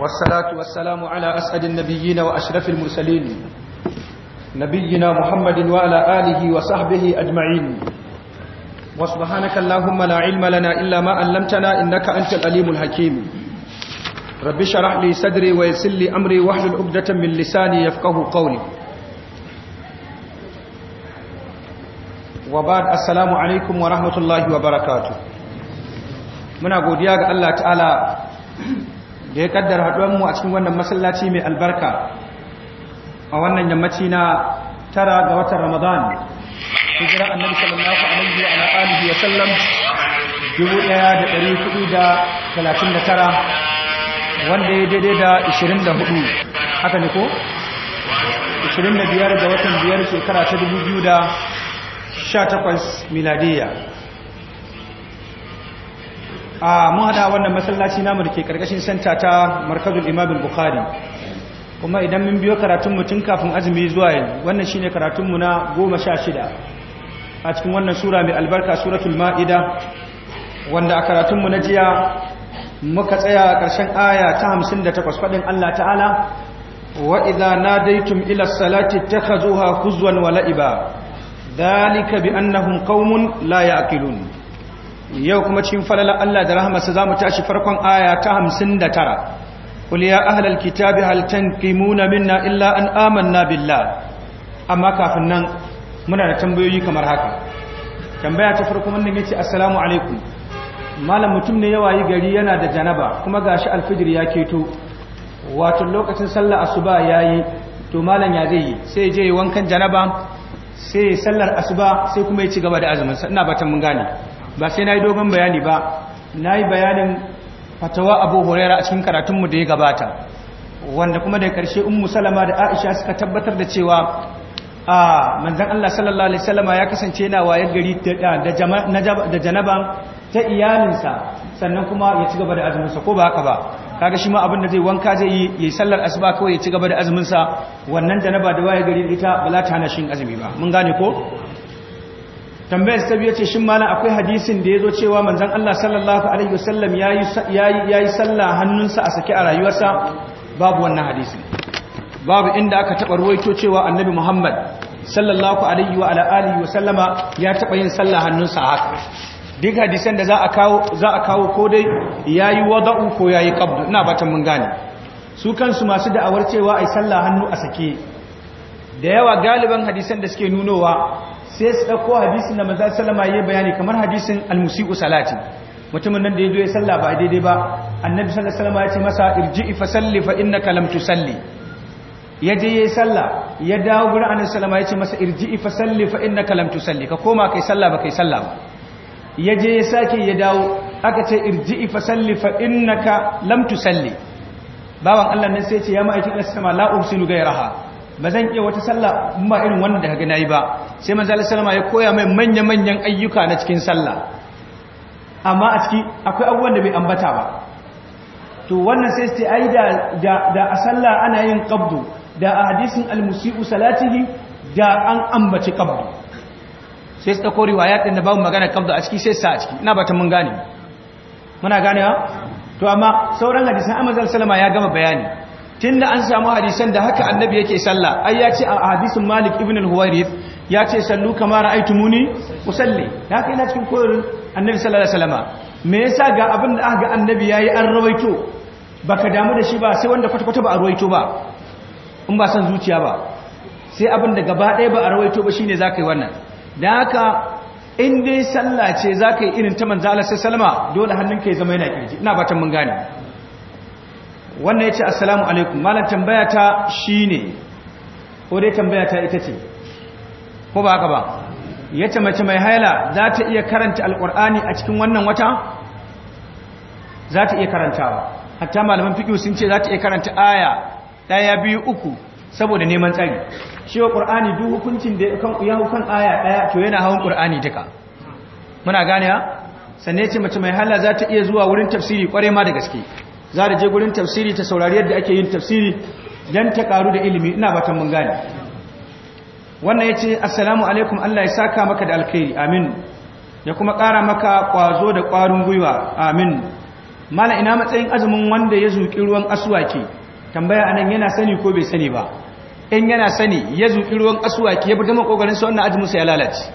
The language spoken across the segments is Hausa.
والصلاة والسلام على أسعد النبيين وأشرف المرسلين نبينا محمد وعلى آله وصحبه أجمعين وسبحانك اللهم لا علم لنا إلا ما علمتنا إنك أنت الأليم الحكيم رب شرح لي صدري ويسر لي أمري واحلل عقدة من لساني يفقه قولي وبعد السلام عليكم ورحمة الله وبركاته muna godiya ga Allah ta'ala da ya kaddara haduwan mu a cikin wannan masallaci mai albarka a wannan yammaci na tara ga watan Ramadan su hijira annabi sallallahu alaihi wa alihi wa sallam 1439 wanda ya daidai da 24 haka ne ko 25 ga watan biyar shekara ta 2018 miladiya a mun hada wannan masallaci namu da ke karkashin santa ta markazul imam bukhari kuma idan mun biyo karatun mu tun kafin azumi zuwa yanzu wannan shine karatun mu na 16 a cikin wannan sura mai albarka suratul maida wanda a karatun mu na jiya muka tsaya karshen aya ta 58 fadin Allah ta'ala wa idza nadaitum ila salati takhazuha huzwan wa la'iba dhalika bi annahum qaumun la ya'qilun yau kuma cikin falalar Allah da rahamarsa za mu tashi farkon aya ta hamsin da tara ƙul ya ahalar kitabi haltan kimuna minna illa an amanna billa. amma kafin nan muna da tambayoyi kamar haka tambaya ta farko wannan ce assalamu alaikum malam mutum ne yawa yi gari yana da janaba kuma ga shi alfijir ya keto wato lokacin sallar asuba yi to malam ya zai yi sai je wankan janaba sai sallar asuba sai kuma ya ci gaba da azumin ina batan mun gane ba sai na yi dogon bayani ba na yi bayanin fatawa abu horera a cikin karatunmu da ya gabata wanda kuma da karshe Umu salama da aisha suka tabbatar da cewa a manzan allah sallallahu alaihi salama ya kasance yana wayar gari da janaba ta iyalinsa sannan kuma ya ci gaba da azuminsa ko ba haka ba kaga shi ma abin da zai wanka zai yi ya sallar asuba kawai ya ci gaba da azuminsa wannan janaba da wayar gari da ita ba za ta hana shi azumi ba mun gane ko tambayar ta biyu ce shin malam akwai hadisin da ya zo cewa manzon Allah sallallahu alaihi wasallam yayi yayi yayi sallah hannunsa a sake a rayuwarsa babu wannan hadisi babu inda aka taba ruwaito cewa annabi Muhammad sallallahu alaihi wa ala wa sallama ya taba yin sallah hannunsa haka duk hadisan da za a kawo ko dai yayi wada'u ko yayi qabdu ina batan mun gane su kansu masu da'awar cewa ai sallah hannu a sake da yawa galiban hadisan da suke nunowa sai su ɗauko hadisun da maza salama ya bayani kamar hadisin almusiku salati mutumin nan da ya zo ya salla ba daidai ba annabi sallallahu sallama ya ce masa irji ifa salli fa kalam tu salli. ya je ya yi salla ya dawo gurin annabi salama ya ce masa irji ifa salli fa kalam tu salli. ka koma kai salla ba kai salla ba ya je ya sake ya dawo aka ce irji ifa salli fa innaka lam salli. bawan Allah nan sai ya ce ya ma'aikin Allah sallama gairaha ba zan iya wata sallah in ba irin wanda daga nayi ba sai manzo Allah sallama ya koya mai manya manyan ayyuka na cikin sallah amma a ciki akwai abubuwan da bai ambata ba to wannan sai sai ai da da a sallah ana yin qabdu da a hadisin al-musii'u salatihi da an ambaci qabdu sai su ɗauko riwaya ɗin da babu magana kabda a ciki sai sa a ciki ina ba ta mun gane muna gane ha to amma sauran hadisan amazal salama ya gama bayani tunda an samu hadisan da haka annabi yake sallah ai ya ce a hadisin malik ibn al huwairi ya ce sallu kama ra'aytumuni usalli haka yana cikin koyar annabi sallallahu alaihi wasallama me yasa ga abin da aka ga annabi yayi an rawaito baka damu da shi ba sai wanda kwata-kwata ba a rawaito ba in ba san zuciya ba sai abin da gaba ɗaya ba a rawaito ba shine zaka yi wannan Da haka in dai sallah ce zaka yi irin ta manzo Allah sallallahu alaihi dole hannunka ya zama yana kirji ina fatan mun gane wannan ya ce assalamu alaikum mallam tambaya ta shi ne ko dai tambaya ta ita ce ko ba haka ba ya ce mace mai haila za ta iya karanta alkur'ani a cikin wannan wata za ta iya karantawa hatta malaman fikiyu sun ce za ta iya karanta aya ɗaya biyu uku saboda neman tsari shi wa ƙur'ani duk hukuncin da ya hukun aya ɗaya to yana hawan ƙur'ani duka muna gane ya sannan ya ce mace mai haila za ta iya zuwa wurin tafsiri ƙwarai ma da gaske za da je gurin tafsiri ta saurari yadda ake yin tafsiri don ta karu da ilimi ina batan mun gane wannan ya ce assalamu alaikum allah ya saka maka da alkhairi amin ya kuma kara maka kwazo da kwarin gwiwa amin mala ina matsayin azumin wanda ya zuƙi ruwan asuwaki tambaya anan yana sani ko bai sani ba in yana sani ya zuƙi ruwan asuwaki ya fita makogarin su wannan azumin su ya lalace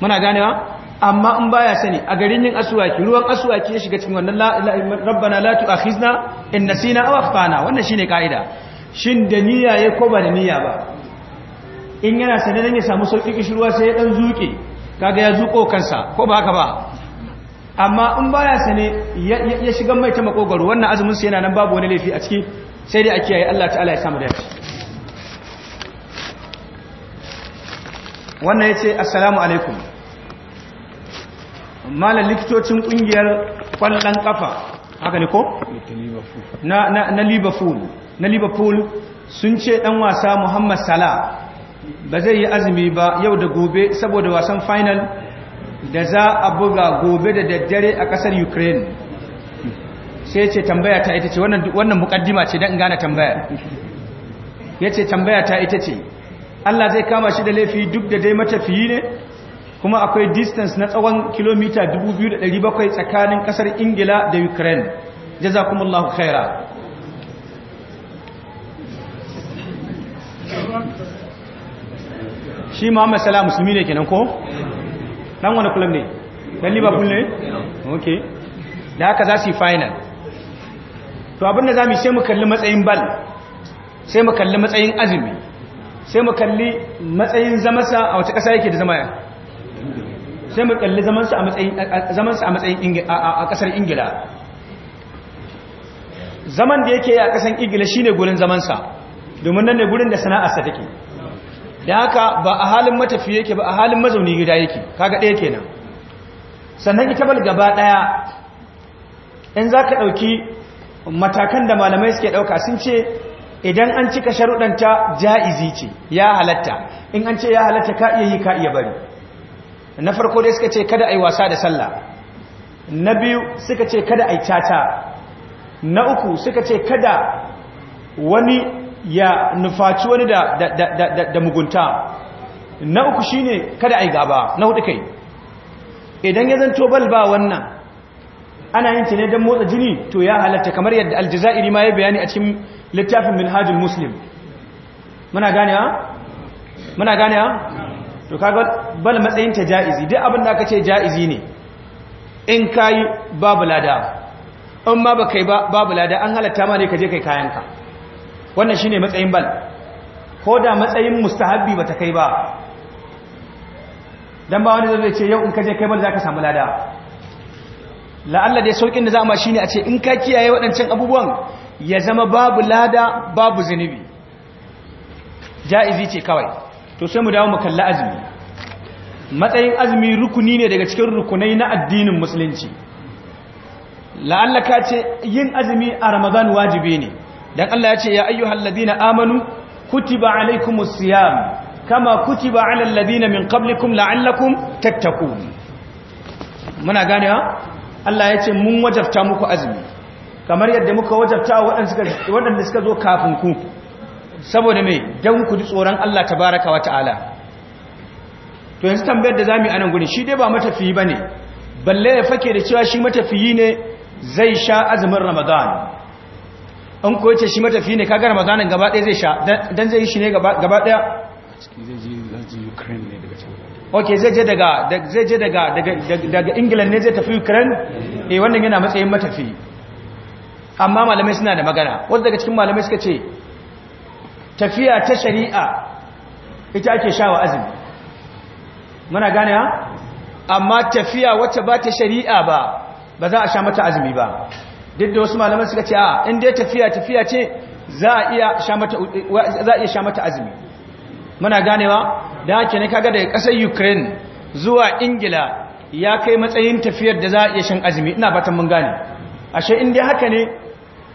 muna ganewa amma in baya sani a garin yin asuwaki ruwan asuwaki ya shiga cikin wannan rabbana la tu'akhizna in nasina aw akhtana wannan shine kaida shin da niyya yayi ko ba da niyya ba in yana sane dan ya samu sauki kishirwa sai ya dan zuke kaga ya zuko kansa ko ba haka ba amma in baya sani ya shiga mai ta makogaro wannan azumin sai yana nan babu wani laifi a ciki sai dai a kiyaye Allah ta'ala ya samu dace wannan yace assalamu alaikum mala likitocin kungiyar kwallon kafa haka ne ko na liverpool na liverpool sun ce dan wasa muhammad salah ba zai yi azumi ba yau da gobe saboda wasan final da za a buga gobe da daddare a kasar ukraine sai ce tambaya ta ita ce wannan mukaddima ce don gane tambaya ya ce tambaya ta ita ce allah zai kama shi da laifi duk da dai matafiyi ne kuma akwai distance na tsawon kilomita 2,700 tsakanin kasar ingila da ukraine jazakumullahu khaira shi muhammad salah musulmi ne kenan ko dan wani kulam ne dan liverpool ne ok da haka za su yi final to abinda za mu sai mu kalli matsayin bal sai mu kalli matsayin azumi sai mu kalli matsayin zamasa a wace ƙasa yake da zama sai mu kalli zamansu a matsayin a kasar ingila zaman da yake a kasar ingila shine gurin zamansa domin nan ne gurin da sana'arsa take da haka ba a halin matafi yake ba a halin mazauni gida yake kaga ɗaya kenan sannan ita bal gaba ɗaya in za ka ɗauki matakan da malamai suke ɗauka sun ce idan an cika sharuɗanta ja'izi ce ya halatta in an ce ya halatta ka iya yi ka iya bari na farko dai suka ce kada a yi wasa da sallah na biyu suka ce kada a yi caca na uku suka ce kada wani ya nufaci wani da, da, mugunta na uku shine kada a yi gaba na hudu kai idan ya zanto balba wannan ana yin tane don motsa jini to ya halatta kamar yadda aljazairi ma ya bayani a cikin littafin minhajin muslim muna gane ha? muna gane ha? to kaga bal matsayin ta ja'izi duk abin da aka ce ja'izi ne in kai babu lada in ma baka yi babu lada an halatta ma ne ka je kai kayanka wannan shine matsayin bal ko da matsayin mustahabbi bata kai ba dan ba wani zai ce yau in ka kai bal zaka samu lada la'alla dai saukin da za mu shine a ce in ka kiyaye waɗancan abubuwan ya zama babu lada babu zinubi ja'izi ce kawai to sai mu dawo mu kalli azumi matsayin azumi rukuni ne daga cikin rukunai na addinin musulunci la'allaka ce yin azumi a ramadan wajibi ne dan Allah ya ce ya ayyuhal ladina amanu kutiba alaikumus siyam kama kutiba alal ladina min qablikum la'allakum tattaqun muna gane ha Allah ya ce mun wajabta muku azumi kamar yadda muka wajabta waɗanda suka zo kafin ku saboda mai don ku ji tsoron Allah ta baraka wa ta'ala to yanzu tambayar da za mu yi anan gurin shi dai ba matafiyi ba ne. balle ya fake da cewa shi matafiyi ne zai sha azumin ramadan an ko yace shi matafiyi ne kaga ramadan gaba ɗaya zai sha dan zai yi shi ne gaba ɗaya ok zai je daga zai je daga daga england ne zai tafi ukraine eh wannan yana matsayin matafiyi amma malamai suna da magana wanda daga cikin malamai suka ce tafiya ta shari'a ita ake sha wa azumi muna gane ha amma tafiya wacce ba ta shari'a ba ba za a sha mata azumi ba duk da wasu malaman suka ce a in dai tafiya tafiya ce za a iya sha mata za a iya sha mata azumi muna ganewa da ake ne kaga daga kasar Ukraine zuwa Ingila ya kai matsayin tafiyar da za a iya shan azumi ina fatan mun gane ashe in dai haka ne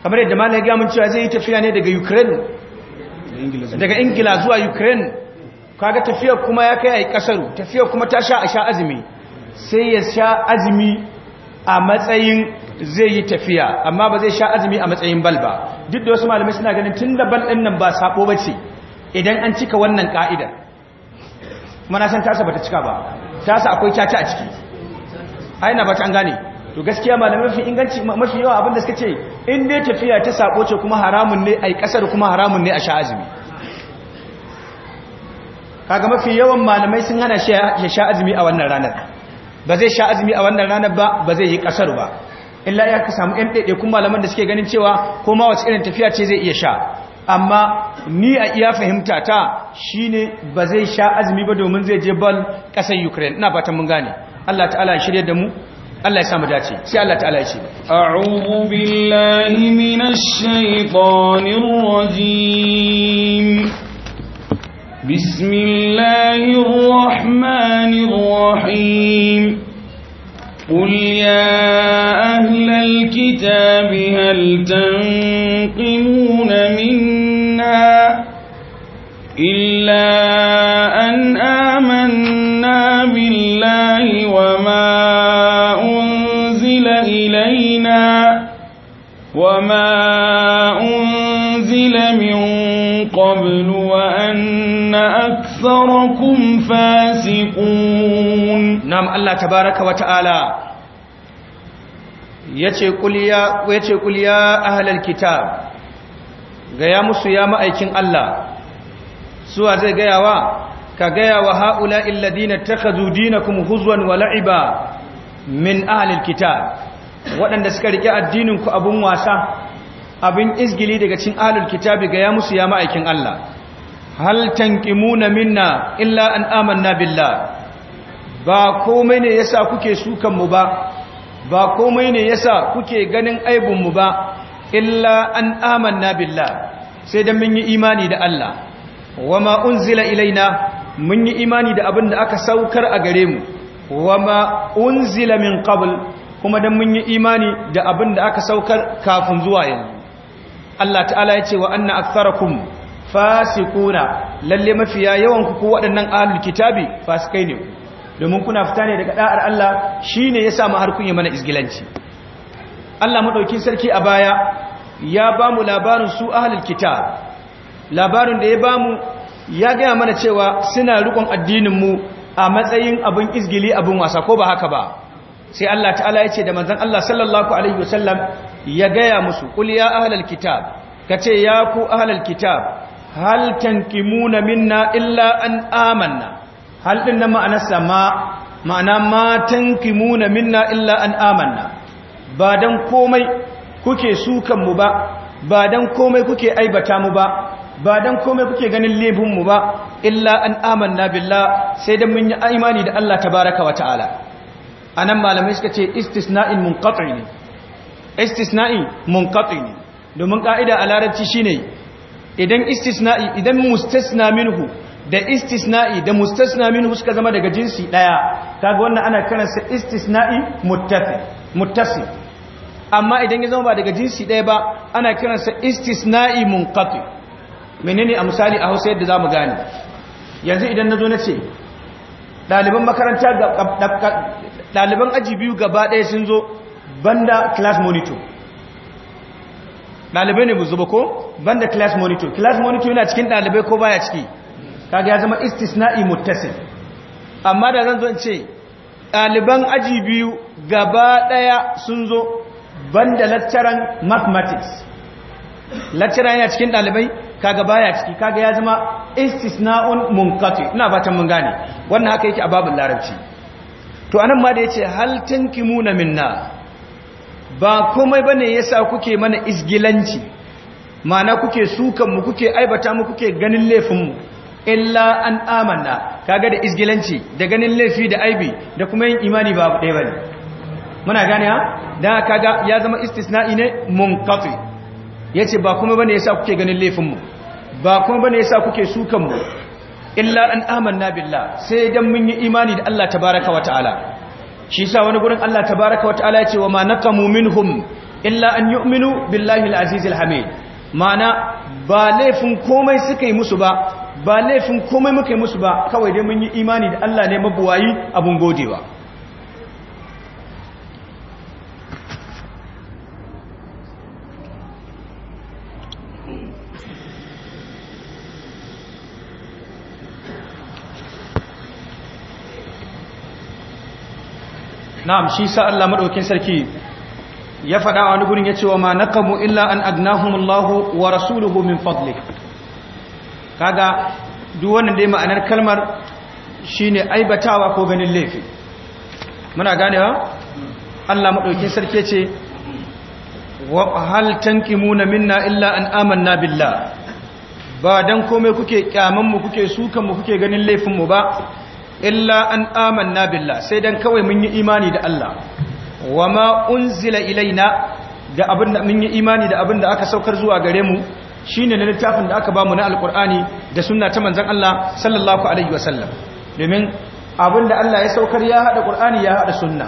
kamar yadda malamin ya mun cewa zai yi tafiya ne daga Ukraine daga ingila zuwa ukraine kaga tafiya kuma ya kai a kasar tafiya kuma ta sha a sha azumi sai ya sha azumi a matsayin zai yi tafiya amma ba zai sha azumi a matsayin bal ba duk da wasu malamai suna ganin tun da bal dinnan ba sabo ba ce idan an cika wannan ka'idar mana san tasa ba ta cika ba tasa akwai caca a ciki aina ba ta an gane to gaskiya malamai mafi inganci mafi yawa da suka ce in dai tafiya ta sako ce kuma haramun ne ai kasar kuma haramun ne a sha azumi kaga mafi yawan malamai sun hana ya sha azumi a wannan ranar ba zai sha azumi a wannan ranar ba ba zai yi kasar ba illa ya ka samu yan ɗe kun malaman da suke ganin cewa ko ma wasu irin tafiya ce zai iya sha amma ni a iya fahimta ta shine ba zai sha azumi ba domin zai je bal ƙasar ukraine ina fatan mun gane allah ta'ala shirya da mu Allah ya samu dace sai Allah ta'ala ya ce a'udhu billahi minash shaitanir rajim bismillahir rahmanir rahim قل يا أهل الكتاب هل تنقمون منا إلا أن آمنا وما أنزل من قبل وأن أكثركم فاسقون نعم الله تبارك وتعالى يتي قل يا أهل الكتاب قيام السيام أيكين الله سوى زي قياوا كقياوا هؤلاء الذين اتخذوا دينكم هزوا ولعبا من أهل الكتاب waɗanda suka riƙe addinin ku abun wasa abin izgili daga cin ahlul kitabi ga ya musu ya ma'aikin Allah hal tanqimuna minna illa an amanna billah ba komai ne yasa kuke sukan mu ba ba komai ne yasa kuke ganin aibun mu ba illa an amanna billah sai dan mun yi imani da Allah wama unzila ilaina mun yi imani da abin da aka saukar a gare mu wama unzila min qabl kuma don mun yi imani da abin da aka saukar kafin zuwa yanzu Allah ta'ala ya ce wa anna aksarakun fasikuna lalle mafiya yawan ku waɗannan ahlul kitabi fasikai ne domin kuna fita ne daga ɗa'ar Allah shi ne ya samu har kun yi mana izgilanci. Allah maɗauki sarki a baya ya ba mu labarin su ahlul kitab labarin da ya ba mu ya gaya mana cewa suna rikon addinin mu a matsayin abin izgili abin wasa ko ba haka ba sai Allah ta'ala ya ce da manzan. Allah sallallahu alaihi wasallam ya gaya musu qul ya ahlal kitab kace ya ku ahlal kitab ki muna minna illa an amanna hal din nan ma'ana sama ma'ana ma tankimuna minna illa an amanna ba don komai kuke sukan mu ba ba don komai kuke aibata mu ba ba don komai kuke ganin lebun mu ba illa an amanna billah sai dan mun yi imani da Allah Ta'baraka wa ta'ala anan malamai suka ce istisna'in munqati ne istisna'i munqati ne domin ka'ida a larabci shine idan istisna'i idan mustasna minhu da istisna'i da mustasna minhu suka zama daga jinsi daya kaga wannan ana kiransa istisna'i muttasil muttasil amma idan ya zama ba daga jinsi daya ba ana kiransa istisna'i munqati menene a misali a Hausa yadda zamu gane yanzu idan nazo nace ɗaliban makaranta ɗaliban aji biyu gaba ɗaya sun zo banda class monitor ɗalibai ne buzuba ko banda class monitor class monitor yana cikin ɗalibai ko baya ciki kaga ya zama istisna'i muttasil amma da zan zo in ce ɗaliban aji biyu gaba ɗaya sun zo banda lecturer mathematics lecturer yana cikin dalibai kaga baya ciki kaga ya zama istisna'un munqati ina fatan mun gane wannan haka yake a babul larabci to anan ma da yace hal tankimuna minna ba komai bane yasa kuke mana isgilanci mana kuke sukan mu kuke aibata mu kuke ganin laifin mu illa an amanna kaga da isgilanci da ganin laifi da aibi da kuma yin imani babu ɗaya bane muna gane ha da kaga ya zama istisna'i ne munqati ya ce ba kuma bane yasa kuke ganin laifinmu ba kuma bane yasa kuke sukanmu illa an amanna billah sai dan mun yi imani da Allah baraka wa ta'ala shi sa wani gurin Allah tabaraka wa ta'ala ya ce wa ma naqamu minhum illa an yu'minu billahi al-aziz al-hamid ma'ana ba laifin komai suka yi musu ba ba laifin komai muka yi musu ba kawai dai mun yi imani da Allah ne mabuwayi abin godewa na'am shi sa Allah madaukin sarki ya faɗawa wa gurin ya ce wa ma naqamu illa an agnahumullahu wa rasuluhu min fadli kaga duk wannan dai ma'anar kalmar shine aibatawa ko ganin laifi muna ganewa Allah madaukin sarki ce wa hal tankimuna minna illa an amanna billah ba dan komai kuke kyaman mu kuke sukan kuke ganin laifin mu ba illa an amanna billah sai dan kawai mun yi imani da Allah wama unzila ilaina da abinda mun yi imani da abinda aka saukar zuwa gare mu shine na littafin da aka bamu na alqur'ani da sunna ta manzon Allah sallallahu alaihi wasallam domin abinda Allah ya saukar ya hada qur'ani ya hada sunna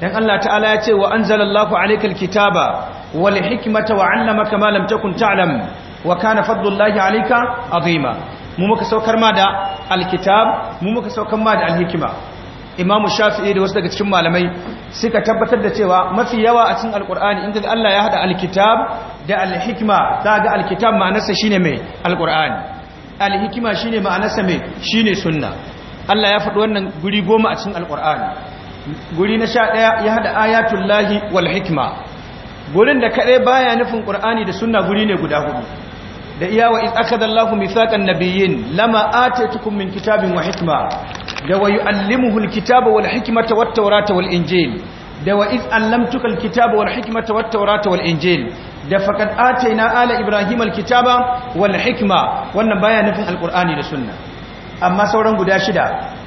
dan Allah ta'ala ya ce wa anzalallahu alaykal kitaba wal hikmata wa 'allamaka ma lam takun ta'lam wa kana fadlullahi alayka azima mu muka saukar ma da alkitab mu muka saukar ma da alhikima imamu shafi'i da wasu daga cikin malamai suka tabbatar da cewa mafi yawa a cikin alkur'ani inda Allah ya hada alkitab da alhikima za ga alkitab ma'anarsa shine mai alkur'ani alhikima shine ma'anarsa mai shine sunna Allah ya faɗi wannan guri goma a cikin alkur'ani guri na sha ɗaya ya hada ayatul lahi wal hikma gurin da kaɗai baya nufin ƙur'ani da sunna guri ne guda hudu da iyawa iz akadallahu misakan nabiyyin lama ataitukum min kitabin wa hikma da wa yuallimuhu alkitaba wal hikmata wat tawrata wal injil da wa iz allamtuka alkitaba wal hikmata wat tawrata wal injil da faqad na ala ibrahima kitaba wal wannan baya nufin alqur'ani da sunna amma sauran guda shida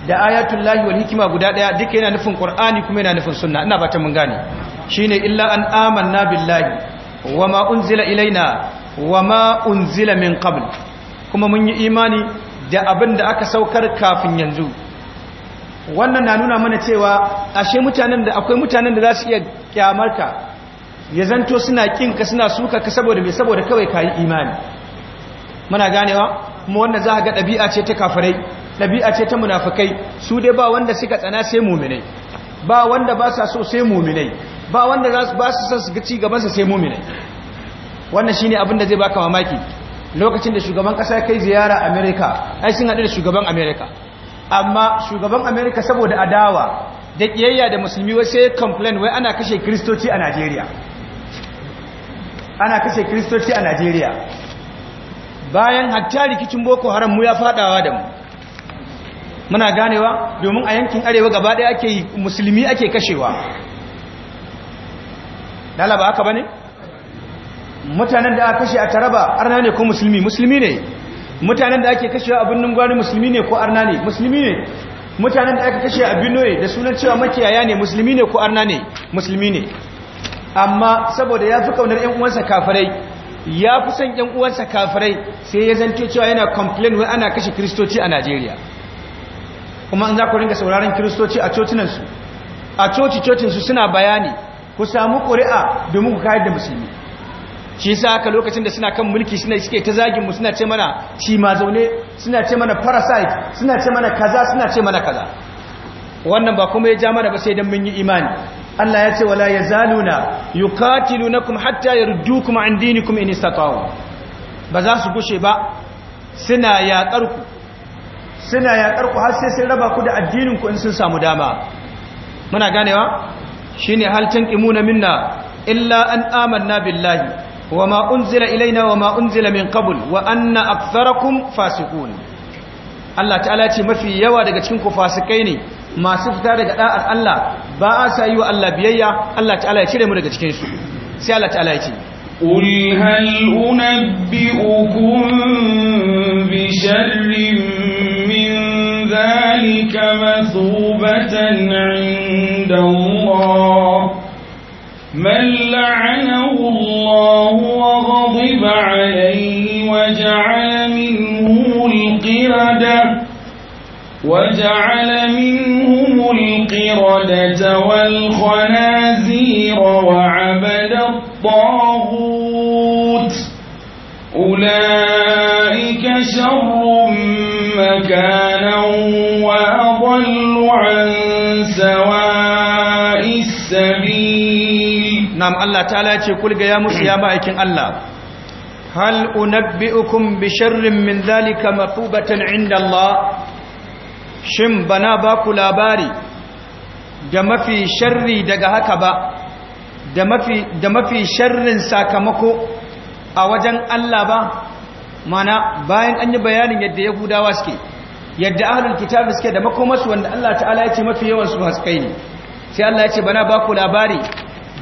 da ayatul lahi wal guda daya duka yana nufin qur'ani kuma yana nufin sunna ina fatan mun gane shine illa an amanna billahi wama unzila ilaina wa ma unzila min qabl kuma mun yi imani da abin da aka saukar kafin yanzu wannan na nuna mana cewa ashe mutanen da akwai mutanen da za su iya kyamarka ya zanto suna kinka suna suka ka saboda mai saboda kawai kayi imani muna ganewa kuma wannan za ga ɗabi'a ce ta kafirai ɗabi'a ce ta munafikai su dai ba wanda suka tsana sai muminai ba wanda ba sa so sai muminai ba wanda ba su san su ga ci sa sai muminai wannan shine abin da zai baka mamaki lokacin da shugaban kasa kai ziyara america ai sun hadu da shugaban america amma shugaban america saboda adawa da kiyayya da musulmi wai sai complain wai ana kashe kristoci a nigeria ana kashe kristoci a nigeria bayan hatta rikicin boko haram mu ya fadawa da mu muna ganewa domin a yankin arewa gaba ɗaya ake musulmi ake kashewa ba haka bane mutanen da aka kashe a taraba arna ne ko musulmi musulmi ne mutanen da ake kashe a birnin gwani musulmi ne ko arna ne musulmi ne mutanen da aka kashe a binoye da sunan cewa makiyaya ne musulmi ne ko arna ne musulmi ne amma saboda ya fi kaunar yan uwansa kafirai ya fi son yan uwansa kafirai sai ya zanto cewa yana complain wai ana kashe kristoci a Najeriya kuma an za ku ringa sauraron kristoci a cocinansu a coci cocinsu suna bayani ku samu ƙuri'a domin ku kayar da musulmi shi sa aka lokacin da suna kan mulki suna suke ta zagin mu suna ce mana shi ma zaune suna ce mana parasite suna ce mana kaza suna ce mana kaza wannan ba kuma ya ja mana ba sai dan mun yi imani Allah ya ce wala yazaluna yuqatilunakum hatta yaruddukum an dinikum in istata'u ba za su gushe ba suna yaƙar ku suna yaƙar ku har sai sun raba ku da addinin ku in sun samu dama muna ganewa shine hal tanqimuna minna illa an amanna billahi وما أنزل إلينا وما أنزل من قبل وأن أكثركم فاسقون الله تعالى ما في يوى دقاتكم فاسقين ما سفتا دقاء آه الله باعسى أيها الله بيئة الله تعالى يتلم دقاتكم سيالة تعالى قل هل أنبئكم بشر من ذلك مثوبة عند الله من لعنه الله وغضب عليه وجعل منه القردة وجعل منهم القردة والخنازير وعبد الطاغوت أولئك شر مكان nam Allah ta'ala ya ce kulga ya musu ya ma'aikin Allah hal unabbi'ukum bi sharrin min zalika mathubatan 'inda Allah shin bana ba ku labari da mafi sharri daga haka ba da mafi sharrin sakamako a wajen Allah ba mana bayan an yi bayanin yadda yahudawa suke yadda ahlul kitab suke da makomasu wanda Allah ta'ala ya ce mafi yawan su haskai ne sai Allah ya ce bana ba ku labari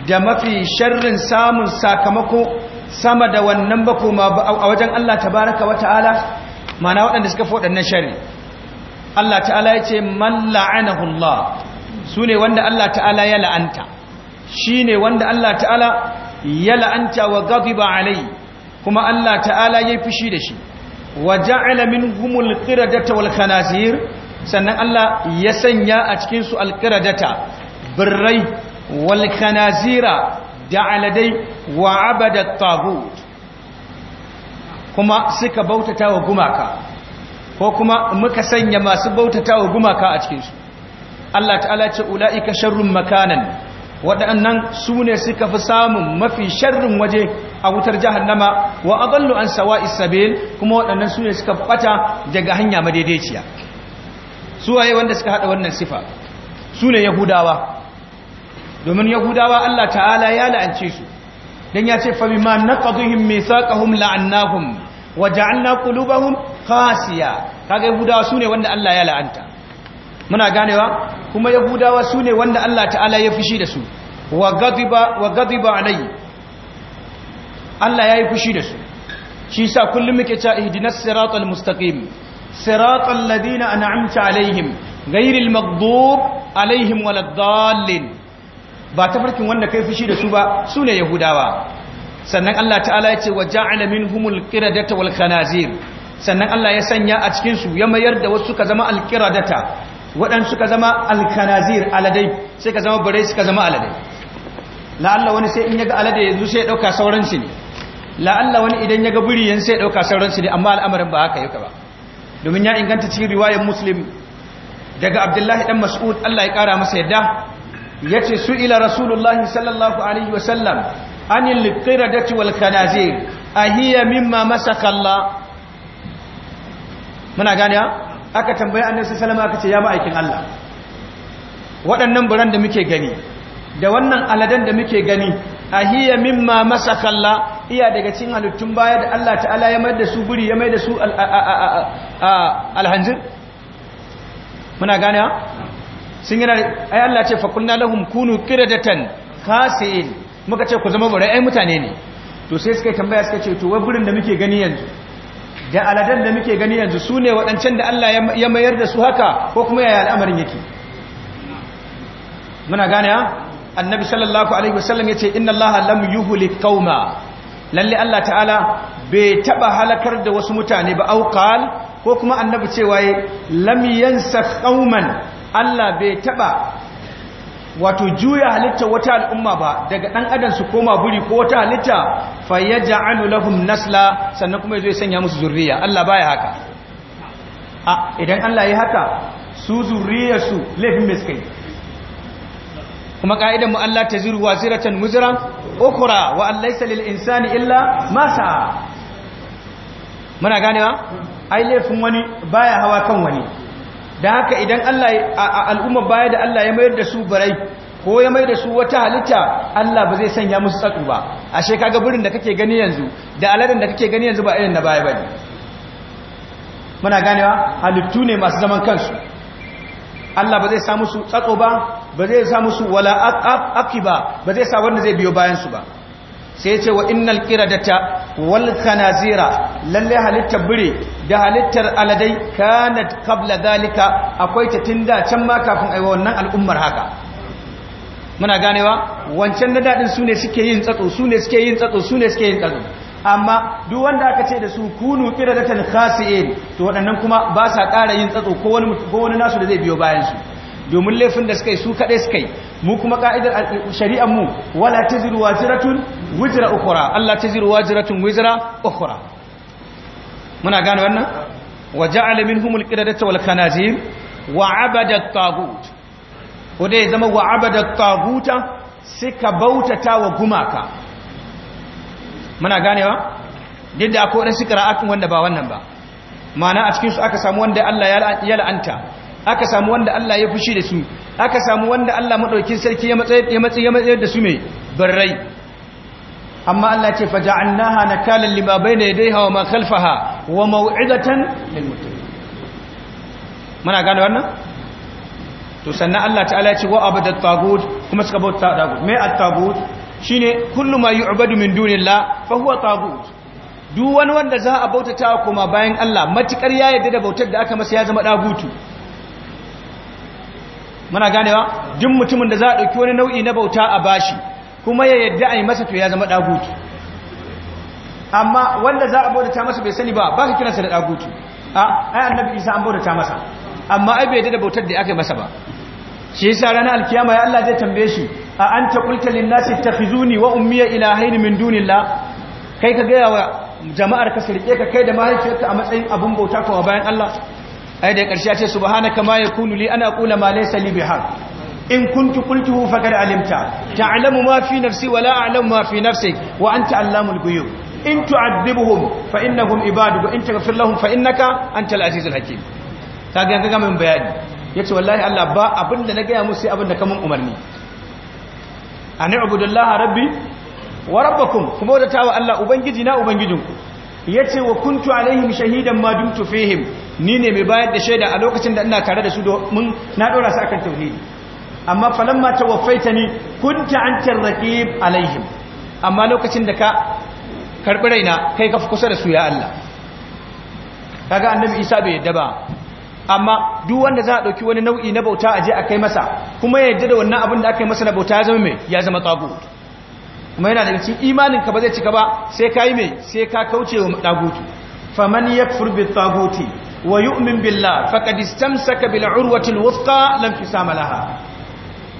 da mafi sharrin samun sakamako sama da wannan ba kuma a wajen Allah tabaraka wa ta'ala mana waɗanda suka fi waɗannan sharri Allah ta'ala ya ce man la'anahu Allah su ne wanda Allah ta'ala ya la'anta shi ne wanda Allah ta'ala ya la'anta wa gaziba alai kuma Allah ta'ala ya fushi da shi wa ja'ala minhumul qiradata wal khanazir sannan Allah ya sanya a cikin su al birrai Walkanazira da aladai wa abada tagut kuma suka bautata wa gumaka ko kuma muka sanya masu bautata wa gumaka a cikinsu Allah ta'ala ce ula'ika sharrun makanan waɗannan su ne suka fi samun mafi sharrin waje a wutar jahannama wa adallu an sawa isabil kuma waɗannan su ne suka bata daga hanya madaidaiciya su waye wanda suka haɗa wannan sifa su ne yahudawa domin yahudawa Allah ta'ala ya la'ance su dan ya ce fabima naqaduhum mithaqahum la'annahum wa ja'alna qulubahum qasiya kaga yahudawa sune wanda Allah ya la'anta muna ganewa kuma yahudawa sune wanda Allah ta'ala ya fushi da su wa ghadiba wa ghadiba alai Allah yayi fushi da su shi sa kullum muke cewa ihdinas siratal mustaqim siratal ladina an'amta alaihim ghairil maghdub alaihim waladdallin ba ta farkin wanda kai fushi da su ba su ne yahudawa sannan Allah ta'ala ya ce wa ja'ala minhumul qiradata wal khanazir sannan Allah ya sanya a cikin su ya mayar da wasu ka zama al qiradata waɗansu suka zama al khanazir aladai sai ka zama bare suka zama aladai la'alla wani sai in ya ga alade yanzu sai ya dauka sauran shi ne la'alla wani idan ya ga buri yanzu sai ya dauka sauran shi ne amma al'amarin ba haka yake ba domin ya inganta cikin riwayar muslim daga abdullahi dan mas'ud Allah ya kara masa yadda Ya ce su ila rasulullahi sallallahu alaihi wasallam anil qiradati wal khanazir ahiya mimma masa kalla. muna gane aka tambaye annabi sallallahu alaihi aka ce ya ma'aikin Allah waɗannan buran da muke gani da wannan aladan da muke gani a ahiya mimma masa kalla iya daga cikin halittun baya da Allah ta'ala ya mai da su guri ya mai da su alhanzir muna gane sun yana ai Allah ce fakulna lahum kunu qiradatan khasi'in muka ce ku zama bare ai mutane ne to sai suka tambaya suka ce to wai da muke gani yanzu da aladan da muke gani yanzu sune waɗancan da Allah ya mayar da su haka ko kuma yaya al'amarin yake muna gane ha annabi sallallahu alaihi wasallam ya ce inna allaha lam yuhlik qauma lalle Allah ta'ala bai taba halakar da wasu mutane ba auqal ko kuma annabi cewa lam yansakh qauman Allah bai taba wato juya halitta wata al'umma ba daga ɗan adam su koma buri ko wata halitta fayyaja anu lahum nasla sannan kuma ya ya sanya musu zurriya Allah baya haka a idan Allah ya haka su zurriya su laifin miskai kuma ka'idan mu Allah ta ziru wa ziratan muzira wa alaysa lil insani illa masa muna ganewa ai laifin wani baya hawa kan wani da haka idan Allah al'umma baya da Allah ya mayar da su barai ko ya mayar da su wata halitta Allah ba zai sanya musu tsaku ba ashe shekaga birnin da kake gani yanzu da aladin da kake gani yanzu ba irin na baya bane muna ganewa halittu ne masu zaman kansu Allah ba zai sa musu tsatso ba ba zai sa musu wala aqiba ba zai sa wanda zai biyo bayan su ba sai ce wa innal qiradata wal khanazira lalle halittar bire da halittar aladai kanat qabla zalika akwai ta tinda can ma kafin aiwa wannan al'ummar haka muna ganewa wancan na dadin su suke yin tsatso su suke yin tsatso su suke yin tsatso amma duk wanda aka ce da su kunu qiradatan khasi'in to waɗannan kuma ba sa ƙara yin tsatso ko wani ko wani nasu da zai biyo bayan su domin laifin da suka yi su kaɗai suka yi mu kuma ka'idar shari'ar mu wala taziru waziratun wizra ukhra Allah taziru waziratun wizra ukhra muna gane wannan waja'ala minhumul qiradata wal kanazir wa abada at-tagut ko dai zama wa abada at-taguta suka bautata wa gumaka muna ganewa duk da akwai wani sikara akan wanda ba wannan ba Ma'ana a cikinsu aka samu wanda Allah ya la'anta aka samu wanda Allah ya fushi da su aka samu wanda Allah madaukin sarki ya matsayar ya matsayar da su mai barrai amma Allah ce faja'annaha nakalan lima bayna yadayha wa ma khalfaha wa maw'izatan lil muttaqin muna gane wannan to sannan Allah ta'ala ya ce wa abadat tagut kuma suka bauta tagut me at-tagut shine kullu ma yu'badu min dunillah fa huwa tagut duk wani wanda za a bautata kuma bayan Allah matikar ya yadda da bautar da aka masa ya zama dagutu muna ganewa duk mutumin da za a ɗauki wani nau'i na bauta a bashi kuma ya yadda a yi masa to ya zama ɗagutu amma wanda za a bautata masa bai sani ba ba ka kiransa da ɗagutu a ai annabi isa an bautata masa amma ai bai yadda da bautar da aka yi masa ba shi yasa ranar alkiyama ya Allah zai tambaye shi a ta kulta lin nasi ittakhizuni wa ummiya ilahayn min dunillah kai ka gaya wa jama'ar ka sirke ka kai da mahaifiyarka a matsayin abun bauta ko bayan Allah ai da ƙarshe ce subhanaka ma yakunu li ana aqula ma laysa li bihaq in kuntu qultuhu faqad alimta ta'lamu ma fi nafsi wa la a'lamu ma fi nafsik wa anta allamul ghuyub in tu'adhibuhum fa innahum ibaduka in taghfir lahum fa innaka antal azizul hakim kaga yanzu ga mun bayani yace wallahi Allah ba abinda na gaya musu abinda kaman umarni ani ubudullaha rabbi wa rabbakum kuma da tawa Allah ubangiji na ubangijinku yace wa kuntu alaihim shahidan ma dumtu fihim ni ne mai bayar da shaida a lokacin da ina tare da su domin na dora su akan tauhidi amma falamma ni kunta an raqib alaihim amma lokacin da ka karbi raina kai ka kusa da su ya Allah kaga annabi Isa bai yadda ba amma duk wanda za a dauki wani nau'i na bauta a je a kai masa kuma ya yadda da wannan abin da aka yi masa na bauta ya zama mai ya zama tagut kuma yana da cikin imanin ka ba zai cika ba sai ka mai sai ka kauce wa tagutu faman yakfur bi taguti ويؤمن بالله فقد استمسك بالعروة الوثقى لم فسام لها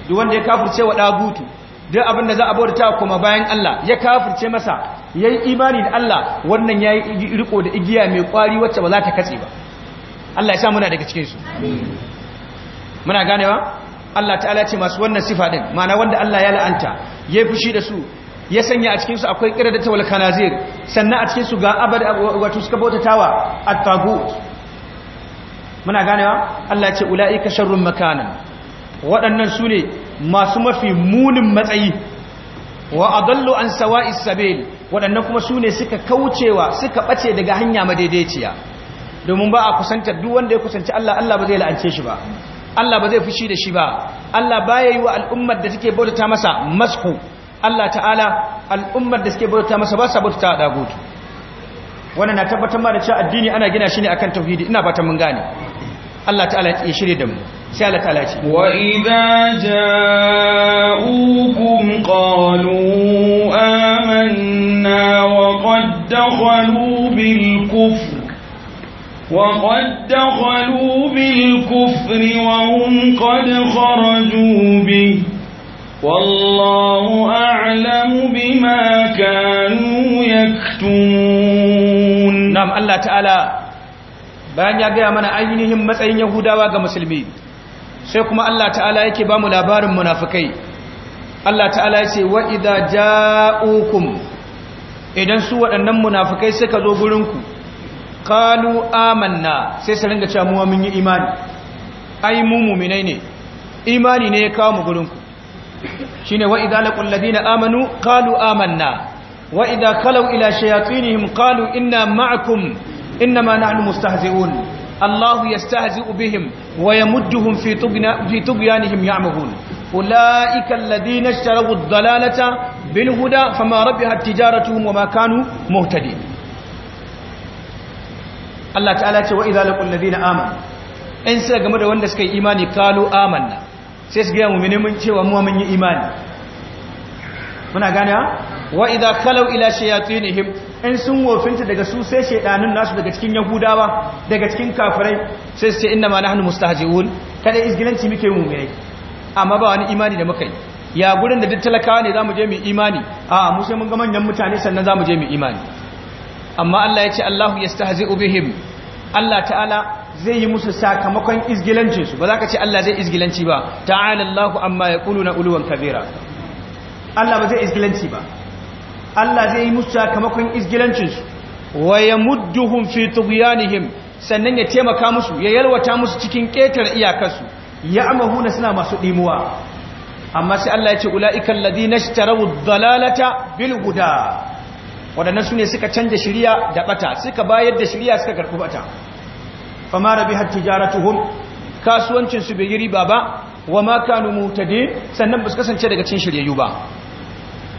duk wanda ya kafurce wa dagutu duk abin da za a bauta kuma bayan Allah ya kafurce masa yayi imani da Allah wannan yayi riko da igiya mai kwari wacce ba za ta katse ba Allah ya sa muna daga cikin su muna ganewa Allah ta'ala ce masu wannan sifa din ma'ana wanda Allah ya la'anta yayi fushi da su ya sanya a cikinsu akwai ƙirar da tawal kanazir sannan a cikinsu ga abad wato suka bautatawa at-tagut muna ganewa Allah ya ce ula'ika sharrun makanan waɗannan su ne masu mafi munin matsayi wa adallu an sawa'is sabil waɗannan kuma su ne suka kaucewa suka ɓace daga hanya madaidaiciya domin ba a kusantar duk wanda ya kusanci Allah Allah ba zai la'ance shi ba Allah ba zai fushi da shi ba Allah ba ya yi wa al'ummar da suke bautata masa masku Allah ta'ala al'ummar da suke bautata masa ba sa bautata a dagutu wannan na tabbatar ma da cewa addini ana gina shi ne akan tauhidi ina fatan mun gane Allah ta'ala ya shirye da mu sai Allah ta'ala ce wa idza ja'ukum qalu amanna wa qad dakhalu bil kufr wa qad dakhalu bil kufr wa hum qad kharaju bi wallahu a'lamu bima kanu يكتمون nam Allah ta'ala bayan ya gaya mana ainihin matsayin yahudawa ga musulmi sai kuma Allah ta'ala yake ba mu labarin munafikai Allah ta'ala ya ce wa ja'ukum idan su waɗannan munafikai suka zo gurinku qalu amanna sai su ringa cewa mu mun yi imani ai mu mu'minai ne imani ne ya kawo mu gurinku shine wa idza laqul ladina amanu kalu amanna wa idza ila shayatinihim qalu inna ma'akum inna ma na'nu mustahzi'un Allahu yastahzi'u bihim wa yamudduhum fi tughna fi tughyanihim ya'mahun ulaika alladhina ishtaraw ad-dalalata bil huda fama rabihat tijaratuhum wa kanu muhtadin Allah ta'ala ce wa idza laqul ladina amanu in sai game da wanda suka yi imani kalu amanna sai su ga mu'minin cewa mu mun yi imani muna gane wa idza kalau ila shayatinihim in sun wofinta daga su sai shedanun nasu daga cikin yahudawa daga cikin kafirai sai su ce inna ma nahnu mustahjiun kada izgilanci muke mu mai amma ba wani imani da muka yi ya gurin da duk talakawa ne zamu je mu imani a mu sai mun ga manyan mutane sannan zamu je mu imani amma Allah ya ce Allahu yastahzi'u bihim Allah ta'ala zai yi musu sakamakon izgilancin su ba za ka ce Allah zai izgilanci ba ta'ala Allahu amma yaquluna uluwan kabira Allah ba zai izgilanci ba Allah zai yi musu sakamakon izgilancinsu wa ya mudduhun fi tughyanihim sannan ya taimaka musu ya yalwata musu cikin ƙetare iyakarsu ya amahuna suna masu ɗimuwa amma sai Allah ya ce ula'ikal ladina ishtarawu dhalalata bil huda wadannan sune suka canja shiriya da ɓata, suka bayar da shiriya suka karbi bata fama rabihat tijaratuhum kasuwancin su bai yi riba ba wa ma kanu mutadin sannan ba su kasance daga cikin shiryayyu ba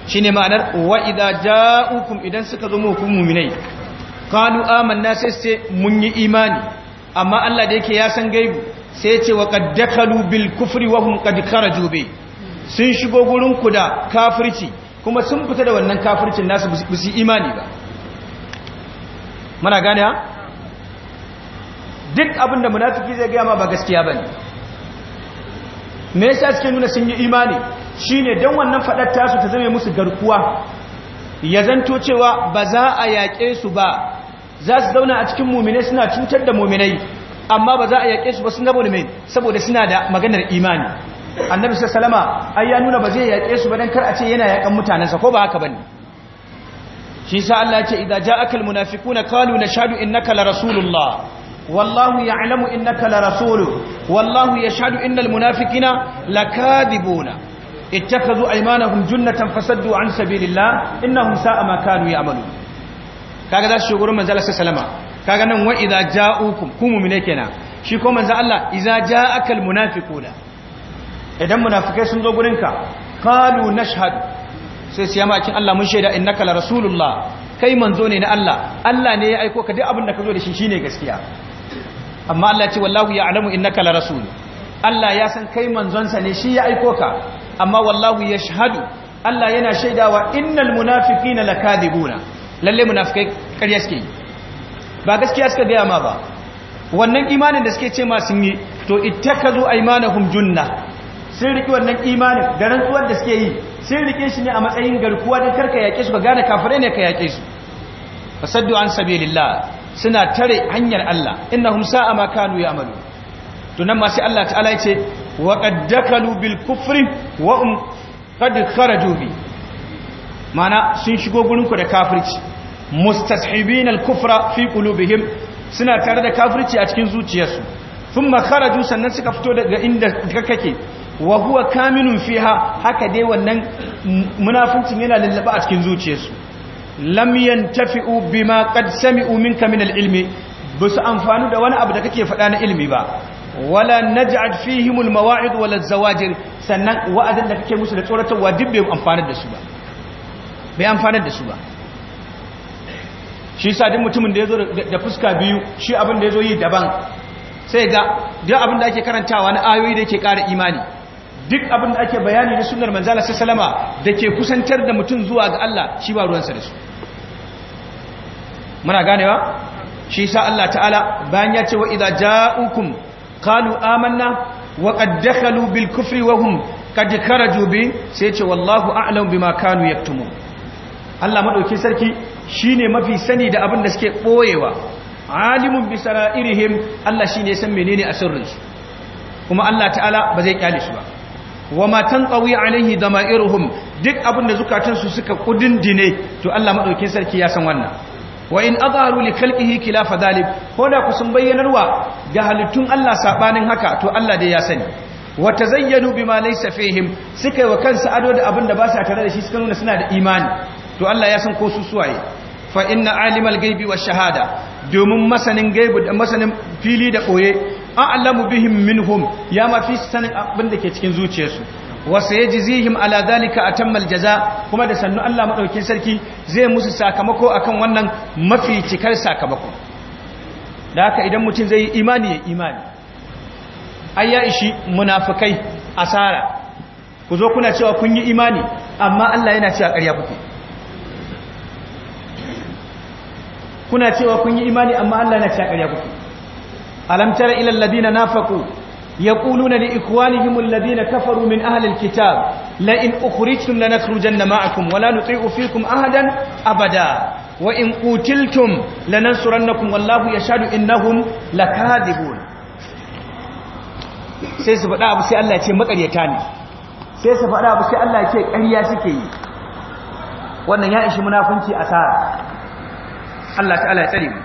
shine ma'anar wa idza ja'ukum idan suka zo muku mu'minai kanu amanna sai sai mun yi imani amma Allah da yake ya san gaibu sai ce wa qad bil kufri wa hum qad kharaju sun shigo gurin ku da kafirci kuma sun fita da wannan kafircin nasu ba su imani ba muna gane ha duk abin da munafiki zai gaya ma ba gaskiya bane me yasa suke nuna sun yi imani Shi ne dan wannan fadar tasu ta zame musu garkuwa ya zanto cewa ba za a yaƙe su ba za su zauna a cikin muminai suna cutar da muminai amma ba za a yaƙe su ba sun gabo da mai saboda suna da maganar imani annabi salama ai ya nuna ba zai yaƙe su ba dan kar a ce yana yaƙan mutanensa ko ba haka Shisa shi sa Allah ya ce na ja'aka na qalu in naka la rasulullah wallahu ya'lamu naka la rasuluhu wallahu yashhadu innal munafiqina lakadibuna ittakhadhu aymanahum junnatan fasaddu an sabilillah innahum sa'a ma kanu ya'malun kaga da shi gurin manzo sallama kaga nan wa idza ja'ukum ku mu'mine kenan shi ko manzo Allah idza ja'akal munafiquna idan munafikai sun zo gurinka ka qalu nashhadu sai sai ma kin Allah mun shaida innaka la rasulullah kai manzo ne na Allah Allah ne ya aiko ka duk abin da ka zo da shi shine gaskiya amma Allah ya ce wallahu ya'lamu innaka la rasul Allah ya san kai manzon sa ne shi ya aiko ka amma wallahu ya shahadu. Allah yana shaidawa innal munafiqina lakadibuna lalle munafikai karya suke yi ba gaskiya suka gaya ma ba wannan imanin da suke ce ma sun yi to a aymanahum junna sun riki wannan imanin da rantsuwar da suke yi sun riƙe shi ne a matsayin garkuwa don karka yaƙe su ka gane kafirai ne ka yaƙe su fasaddu an sabilillah suna tare hanyar Allah humsa sa'a ma ya ya'malu to nan masu Allah ta'ala ya ce wa qad dakalu bil kufri wa um qad kharaju bi mana sun shigo gurin ku da kafirci mustashibin al kufra fi qulubihim suna tare da kafirci a cikin zuciyarsu thumma kharaju sannan suka fito daga inda kake wa huwa kaminun fiha haka dai wannan munafincin yana lallaba a cikin zuciyarsu lam yantafi'u bima qad sami'u minka min al-ilmi basu amfanu da wani abu da kake faɗa na ilmi ba wala naj'al fihim almawa'id wala zawajir sannan wa'azin da kake musu da tsoratar duk bai amfanar da su ba bai amfanar da su ba shi yasa duk mutumin da yazo da fuska biyu shi abin da yazo yi daban sai ga duk abin da ake karantawa na ayoyi da yake ƙara imani duk abin da ake bayani na sunnar manzala sallama da ke kusantar da mutum zuwa ga Allah shi ba ruwansa da su muna ganewa shi yasa Allah ta'ala bayan ya ce wa idza ja'ukum qalu amanna wa qad dakhalu bil kufri wa hum qad kharaju sai ce wallahu a'lam bima kanu yaktumun Allah madauki sarki shine mafi sani da abin da suke boyewa alimun iri sara'irihim Allah shine ya san menene asirrin su kuma Allah ta'ala ba zai kyale su ba wa ma tanqawi alaihi dama'iruhum duk abin da zukatansu suka kudin dine to Allah madauki sarki ya san wannan wa in azharu li khalqihi khilafa zalik ko da kusun bayyanarwa ga halittun Allah sabanin haka to Allah dai ya sani wa tazayyanu bima laysa fihim suka wa kansu ado da abin da ba sa tare da shi suka nuna suna da imani to Allah ya san ko su suwaye fa inna alimal ghaibi wash shahada domin masanin ghaibi da masanin fili da koye a'lamu bihim minhum ya ma fi sanin abin da ke cikin zuciyarsu wasu ya jizihim ala dalika a tammal jaza kuma da sannu Allah maɗaukin sarki zai musu sakamako akan wannan mafi cikar sakamako da haka idan mutum zai yi imani ya imani ai ya ishi munafukai asara ku zo kuna cewa kun yi imani amma Allah yana cewa ƙarya kuke kuna cewa kun yi imani amma Allah yana cewa ƙarya kuke alam tara ila alladhina nafaqu يقولون لإخوانهم الذين كفروا من أهل الكتاب لئن أخرجتم لنخرجن معكم ولا نطيع فيكم أحدا أبدا وإن قتلتم لننصرنكم والله يشهد إنهم لكاذبون sai su faɗa abu sai Allah ce makaryata ne sai su faɗa abu sai Allah ce ƙarya suke yi wannan ya ishi munafunci asara Allah ta'ala ya tsare mu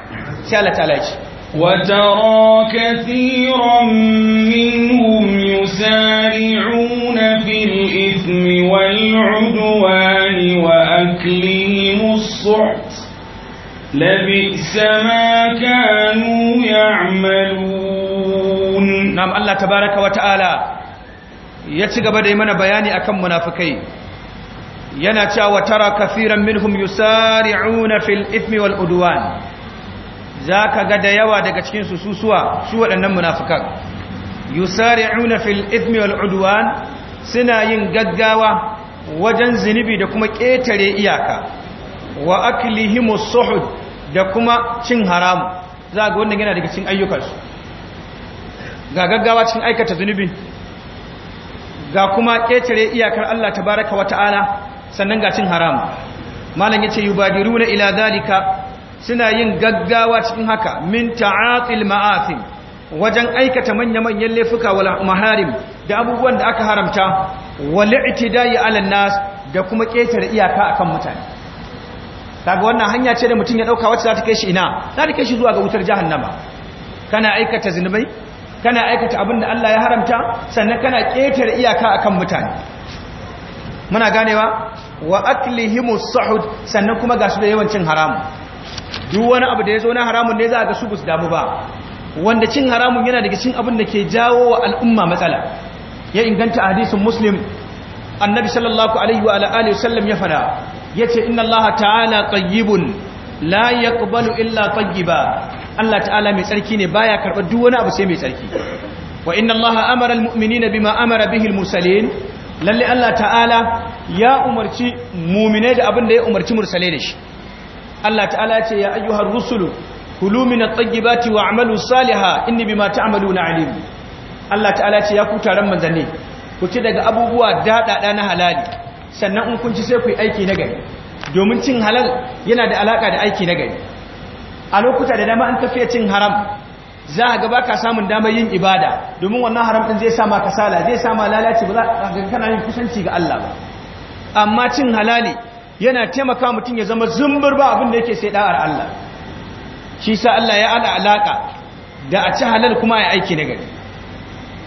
sai Allah ta'ala ya ce وترى كثيرا منهم يسارعون في الإثم والعدوان وأكلهم الصحت لبئس ما كانوا يعملون نعم الله تبارك وتعالى يتقب دائمنا بياني أكم منافقين ينا تا وترى كثيرا منهم يسارعون في الإثم والعدوان za ka ga da yawa daga cikin su susuwa su waɗannan munafukan auna fil ithmi wal udwan suna yin gaggawa wajen zunubi da kuma ƙetare iyaka wa aklihimu suhud da kuma cin haramu za ga wannan yana daga cikin ayyukansu ga gaggawa cikin aikata zunubi ga kuma ƙetare iyakar Allah tabaraka wa ta'ala sannan ga cin haram. malam yace yubadiruna ila zalika suna yin gaggawa cikin haka min ta'atil ma'asim wajen aikata manya-manyan laifuka wa maharim da abubuwan da aka haramta wal i'tida'i 'ala nas da kuma ketare iyaka akan mutane kaga wannan hanya ce da mutum ya dauka wacce za ta kai shi ina za ta kai shi zuwa ga wutar jahannama kana aikata zinubai kana aikata abin da Allah ya haramta sannan kana ketare iyaka akan mutane muna ganewa wa aklihimus sahud sannan kuma gasu da yawancin haramu duk wani abu da ya zo na haramun ne za a ga su bus damu ba wanda cin haramun yana daga cin abin da ke jawo wa al'umma matsala ya inganta hadisin muslim annabi sallallahu alaihi wa alihi wasallam ya fada yace inna allah ta'ala tayyibun la yaqbalu illa tayyiba allah ta'ala mai tsarki ne baya karba duk wani abu sai mai tsarki wa inna allah amara almu'minina bima amara bihi almursalin lalle allah ta'ala ya umarci mu'mine da abin da ya umarci mursalai da shi Allah ta'ala ce ya ayyuhar rusulu kulu min at-tayyibati wa'malu salihan inni bima na alim Allah ta'ala ce ya ku taron manzanni ku ci daga abubuwa daɗaɗa na halali sannan in kun ci sai ku yi aiki na gari domin cin halal yana da alaka da aiki na gari a lokuta da dama an tafiya cin haram za a gaba ka samun damar yin ibada domin wannan haram ɗin zai sama kasala zai sama lalaci ba za a kana yin kusanci ga Allah ba amma cin halali yana taimaka mutum ya zama zumbur ba abin da yake sai da'ar Allah shi sa Allah ya ala alaka da a ci halal kuma ya aiki na gari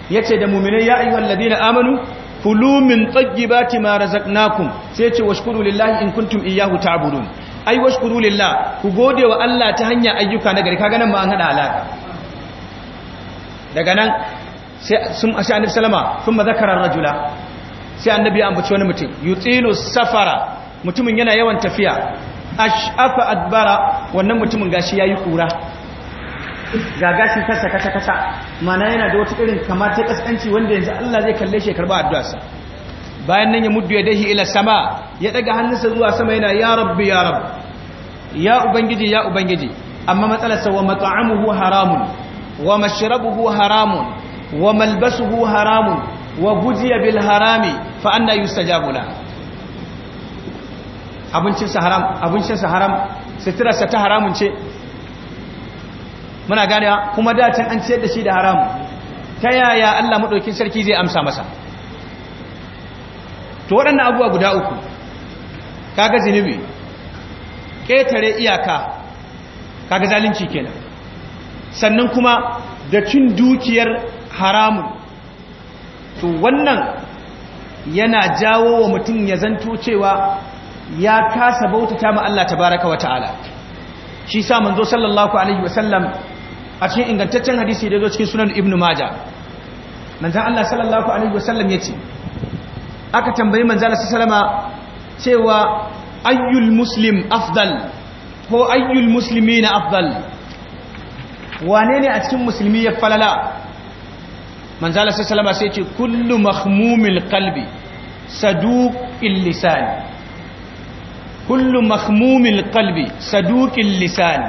yace da mu'minai ya ayyuhal ladina amanu kulu min tayyibati ma razaqnakum sai ce washkuru lillahi in kuntum iyyahu ta'budun ai washkuru lillahi ku gode wa Allah ta hanyar ayyuka na gari kaga nan ma an hada alaka daga nan sai sun sai annabi sallama thumma zakara rajula sai annabi ya ambaci wani mutum yutilu safara mutumin yana yawan tafiya ash'afa adbara wannan mutumin gashi yayi kura ga gashin kasa kasa kasa mana yana da wata irin kamata ta wanda yanzu Allah zai kalle shi karba sa. bayan nan ya muddu ya dahi ila sama ya daga hannunsa zuwa sama yana ya rabbi ya rabb ya ubangiji ya ubangiji amma matsalarsa wa mat'amuhu haramun wa mashrabuhu haramun wa malbasuhu haramun wa gujiya bil harami fa anna yustajabu lahu abincinsa haram abincinsa haram suturarsa ta haramun ce muna ganewa kuma dacin an ciyar da shi da haramun ta yaya Allah maɗaukin sarki zai amsa masa to waɗannan abubuwa guda uku kaga zinubi ƙetare iyaka kaga zalunci kenan sannan kuma da cin dukiyar haramun to wannan yana jawo wa mutum ya zanto cewa ya kasa bautata ma Allah tabaraka wa ta'ala shi sa manzo sallallahu alaihi wa sallam a cikin ingantaccen hadisi da zo cikin sunan ibnu maja manzan Allah sallallahu alaihi wa wasallam yace aka tambayi manzo Allah sallama cewa ayyul muslim afdal ko ayyul muslimina afdal wane ne a cikin musulmi ya falala manzo Allah sallama sai yace kullu mahmumil qalbi saduqil lisan kullu mahmumil qalbi saduqil lisan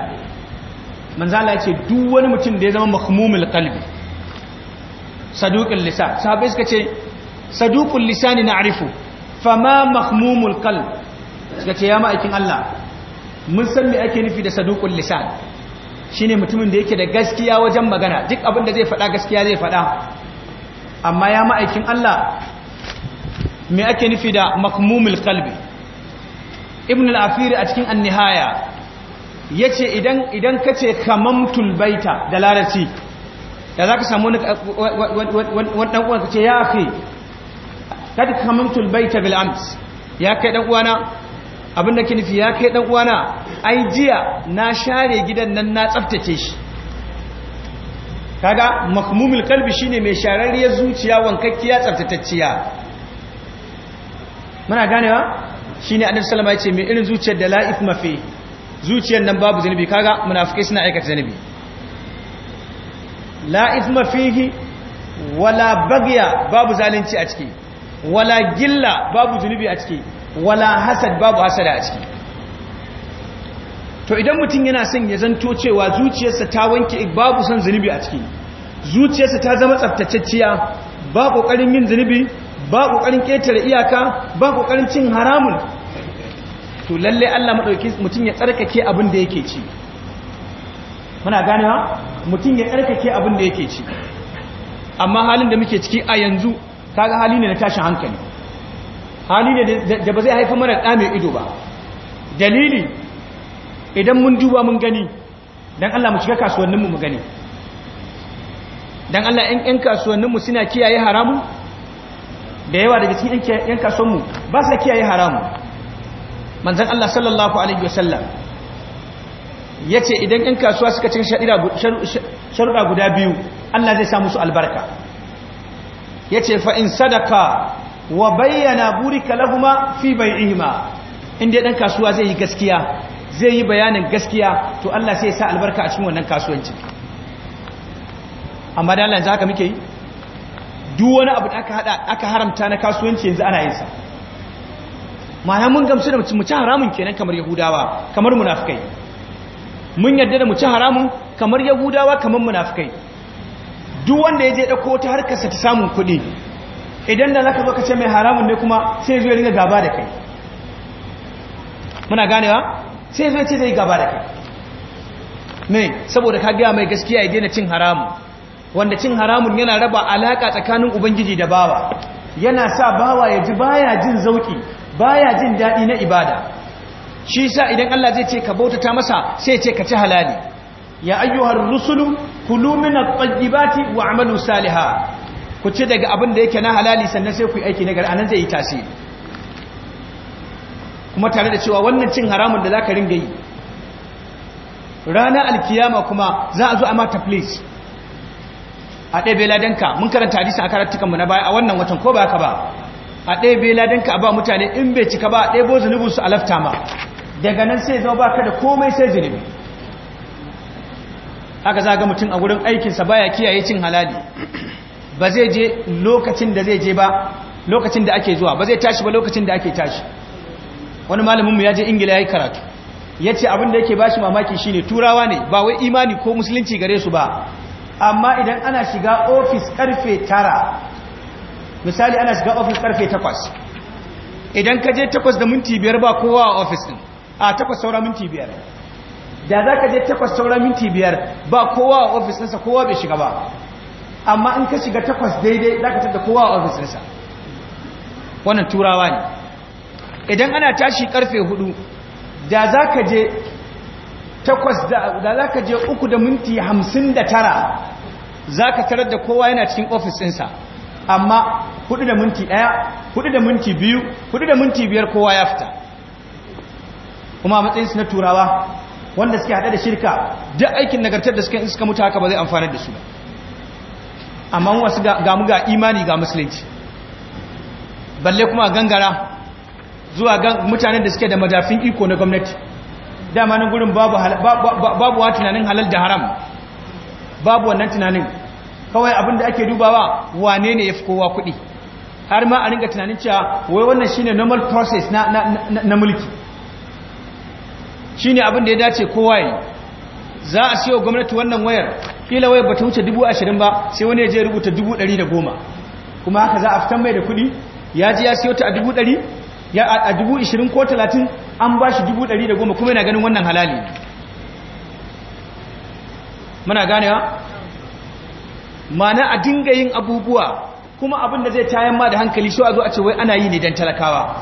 manzo yace duk wani mutum da ya zama mahmumil qalbi saduqil lisan sahabbai suka ce saduqul lisan na'rifu fama mahmumul qalb suka ce ya ma'aikin Allah mun san me ake nufi da saduqul lisan shine mutumin da yake da gaskiya wajen magana duk abin da zai faɗa gaskiya zai faɗa amma ya ma'aikin Allah me ake nufi da makmumul qalbi ibn al-afiri a cikin annihaya yace idan idan kace kamamtul baita da larabci da za ka samu wani ɗan’uwa ka kace ya akhi kad kamamtul baita bil ams ya kai dan uwana abin da ke nufi ya kai dan uwana ai jiya na share gidan nan na tsaftace shi kaga makmumul kalbi shine mai shararriyar zuciya wankakkiya tsaftatacciya muna ganewa ne annabi salama ya ce mai irin zuciyar da laif mafi zuciyar nan babu zanubi kaga munafikai suna aikata zanubi laif mafihi wala bagya babu zalunci a ciki wala gilla babu zunubi a ciki wala hasad babu hasada a ciki to idan mutum yana son ya zanto cewa zuciyarsa ta wanke babu son zunubi a ciki zuciyarsa ta zama tsaftatacciya ba kokarin yin zunubi ba kokarin ketare iyaka ba kokarin cin haramun to lalle Allah madauki mutum ya tsarkake abin da yake ci muna ganewa mutum ya tsarkake abin da yake ci amma halin da muke ciki a yanzu kaga hali ne na tashi hankali hali ne da ba zai haifa mana da mai ido ba dalili idan mun duba mun gani dan Allah mu shiga kasuwanninmu mu gani dan Allah ɗan kasuwannin kasuwanninmu suna kiyaye haramu da yawa daga cikin ɗan kasuwanmu ba su kiyaye haramu Manzan Allah sallallahu alaihi wasallam ce idan ɗan kasuwa suka cin sharuɗa guda biyu Allah zai sa musu albarka ya fa in sadaka wa bayyana burika lahuma fi bai'ihima inda ɗan kasuwa zai yi gaskiya zai yi bayanin gaskiya to Allah sai ya sa albarka a cikin wannan kasuwanci amma da Allah yanzu haka muke yi duk wani abu da aka haramta na kasuwanci yanzu ana yinsa. ma'ana mun gamsu da mu ci haramun kenan kamar yahudawa kamar munafikai mun yarda da mu ci haramun kamar yahudawa kamar munafikai duk wanda ya je dauko ta harkar sa ta samun kuɗi idan da zaka zo ka ce mai haramun ne kuma sai zo ya riga gaba da kai muna ganewa sai zo ya ce zai gaba da kai me saboda ka ga mai gaskiya ya daina cin haramun wanda cin haramun yana raba alaka tsakanin ubangiji da bawa yana sa bawa ya ji baya jin zauki baya jin daɗi na ibada shi sa idan Allah zai ce ka bauta ta masa sai ce ka ci halali ya ayyuhar rusulu kulu min at wa amalu Saliha ku ci daga abin da yake na halali sannan sai ku yi aiki na gari anan zai yi tasiri kuma tare da cewa wannan cin haramun da zaka ringa yi rana alkiyama kuma za a zo a mata place a ɗaya bela danka mun karanta hadisi a karatukan mu na baya a wannan watan ko ba ka ba a ɗaya bela ladanka a ba mutane in bai cika ba a ɗebo zunubinsu a lafta ma daga nan sai zama baka da komai sai zunubi haka za ga mutum a wurin aikinsa baya kiyaye cin halali ba zai je lokacin da zai je ba lokacin da ake zuwa ba zai tashi ba lokacin da ake tashi wani malaminmu ya je ingila ya yi karatu ya ce abin da yake bashi mamaki shine turawa ne ba wai imani ko musulunci gare su ba amma idan ana shiga ofis karfe tara misali ana shiga ofis karfe 8 idan ka je 8 da minti 5 ba kowa a ofis din a 8 saura minti 5 da za ka je 8 saura minti 5 ba kowa a ofis ɗinsa kowa bai shiga ba amma in ka shiga 8 daidai za ka tada kowa a ofis ɗinsa wannan turawa ne idan ana tashi karfe 4 da za ka je 8 da za ka je 3 da minti 59 za ka tarar da kowa yana cikin ofis ɗinsa amma hudu da minti daya hudu da minti biyu hudu da minti biyar kowa ya fita kuma matsayinsu na turawa wanda suke hada da shirka duk aikin nagartar da suka mutu haka ba zai amfanar da su ba amma wasu gamu ga imani ga musulunci balle kuma gangara zuwa mutanen da suke da madafin iko na gwamnati dama nan gurin babu tunanin halal da haram babu wannan tunanin kawai abin da ake dubawa wane ne ya fi kowa kuɗi har ma a ringa tunanin cewa wai wannan shine normal process na mulki shine abin da ya dace kowa yi za a siyo gwamnati wannan wayar kila wayar bata wuce dubu ashirin ba sai wani ya je rubuta dubu dari da goma kuma haka za a fitan mai da kuɗi ya ji ya siyo ta a dubu ya a dubu ko talatin an ba shi dubu ɗari da goma kuma yana ganin wannan halali muna ganewa mana a dinga yin abubuwa kuma abin da zai tayan ma da hankali shi a zo a ce wai ana yi ne don talakawa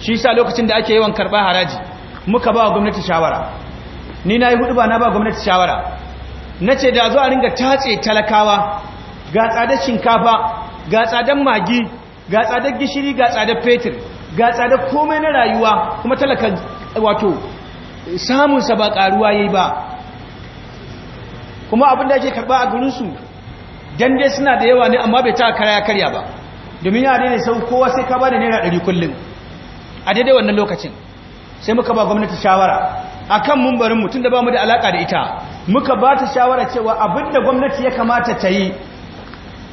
shi sa lokacin da ake yawan karɓa haraji muka ba wa gwamnati shawara ni na yi hudu ba na ba gwamnati shawara na ce da zo a ringa tatse talakawa ga tsada shinkafa ga tsadar magi ga tsadar gishiri ga tsadar fetur ga tsadar komai na rayuwa kuma talaka wato samunsa ba ƙaruwa ya yi ba kuma abin da yake karba a gurinsu dan dai suna da yawa ne amma bai ta karya karya ba domin ya daina sau kowa sai ka ba naira ɗari kullum a daidai wannan lokacin sai muka ba gwamnati shawara a kan mumbarin mutum da ba da alaƙa da ita muka ba ta shawara cewa abin da gwamnati ya kamata ta yi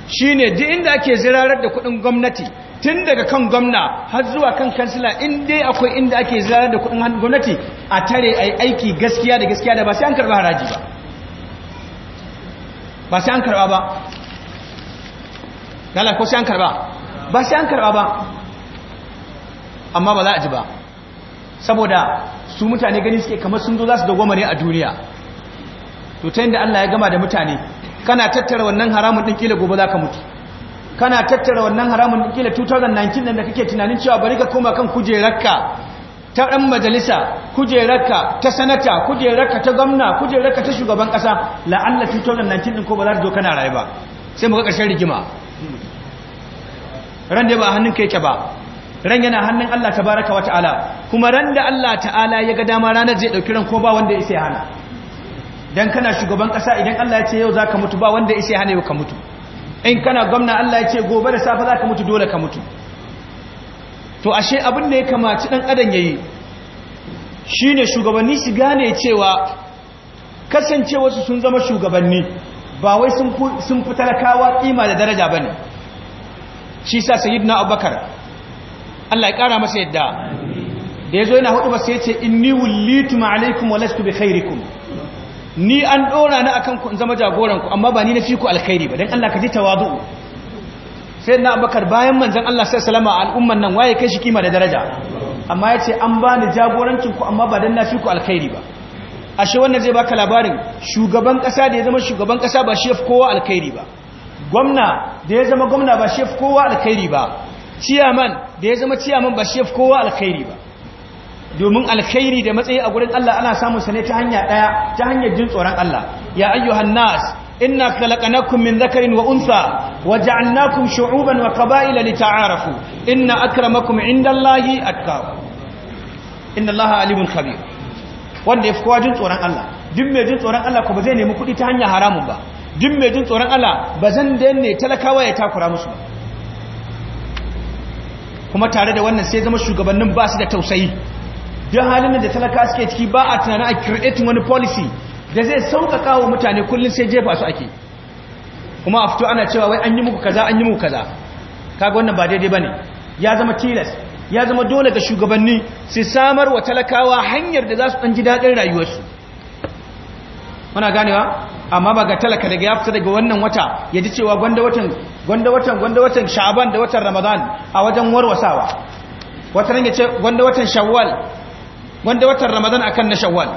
shi ne duk inda ake zirarar da kuɗin gwamnati tun daga kan gwamna har zuwa kan kansila in dai akwai inda ake zirarar da kuɗin gwamnati a tare a yi aiki gaskiya da gaskiya da ba sai an karɓi haraji ba ba sai an karba ba lala ko sai an karba ba sai an karba ba amma ba za a ji ba saboda su mutane gani suke kamar sun zo za su dawwama ne a duniya to ta yadda Allah ya gama da mutane kana tattara wannan haramun din kila gobe za ka mutu kana tattara wannan haramun din kila 2019 da kake tunanin cewa bari ka koma kan kujerarka ta ɗan majalisa kujerarka ta sanata kujeraka ta gwamna kujeraka ta shugaban ƙasa la'alla 2019 ɗin ko ba za ta zo kana rayu ba sai muka ƙarshen rigima ran da ba hannun ka yake ba ran yana hannun Allah ta baraka wa ta'ala kuma ran da Allah ta'ala ya ga dama ranar zai ɗauki ran ko ba wanda ya hana dan kana shugaban ƙasa idan Allah ya ce yau za ka mutu ba wanda ya hana yau ka mutu in kana gwamna Allah ya ce gobe da safe ka mutu dole ka mutu to ashe abin da ya kamaci dan adam yayi shine shugabanni su gane cewa kasancewa su sun zama shugabanni ba wai sun fi talakawa kima da daraja bane shi sa sayyidina abubakar Allah ya kara masa yadda da yazo yana hudu ba sai yace inni ma alaikum wa lastu bi khairikum ni an dora ni akan ku in zama jagoran ku amma ba ni na fi ku alkhairi ba dan Allah ka ji tawadu sai na abakar bayan manzan Allah sai salama a al'umman nan waye kai shi kima da daraja amma ya ce an ba ni jagorancin ku amma ba don na fi ku alkhairi ba ashe wannan zai baka labarin shugaban kasa da ya zama shugaban kasa ba shi ya fi kowa alkhairi ba gwamna da ya zama gwamna ba shi ya fi kowa alkhairi ba ciyaman da ya zama ciyaman ba shi ya fi kowa alkhairi ba domin alkhairi da matsayi a gurin Allah ana samun sa ne ta hanya daya ta hanyar jin tsoron Allah ya ayyuhan nas إنا خلقناكم من wa وأنثى وجعلناكم شعوبا وقبائل لتعارفوا إن أكرمكم عند الله أتقاكم Inna الله عليم خبير wanda ya fi kowa jin tsoron Allah duk mai jin tsoron Allah ko ba zai nemi kuɗi ta hanyar haramun ba duk mai jin tsoron Allah ba zan danne talakawa ya takura musu ba kuma tare da wannan sai zama shugabannin ba su da tausayi don halin da talaka suke ciki ba a tunanin a creating wani policy da zai sauƙaƙa wa mutane kullum sai jefa su ake kuma a fito ana cewa wai an yi muku kaza an yi muku kaza kaga wannan ba daidai bane ya zama tilas ya zama dole ga shugabanni su samar wa talakawa hanyar da za su ɗan ji daɗin rayuwarsu muna ganewa amma ba ga talaka daga ya fita daga wannan wata ya ji cewa gwanda watan gwanda watan gwanda watan sha'aban da watan ramadan a wajen warwasawa wata ran ya ce gwanda watan shawwal gwanda watan ramadan akan na shawwal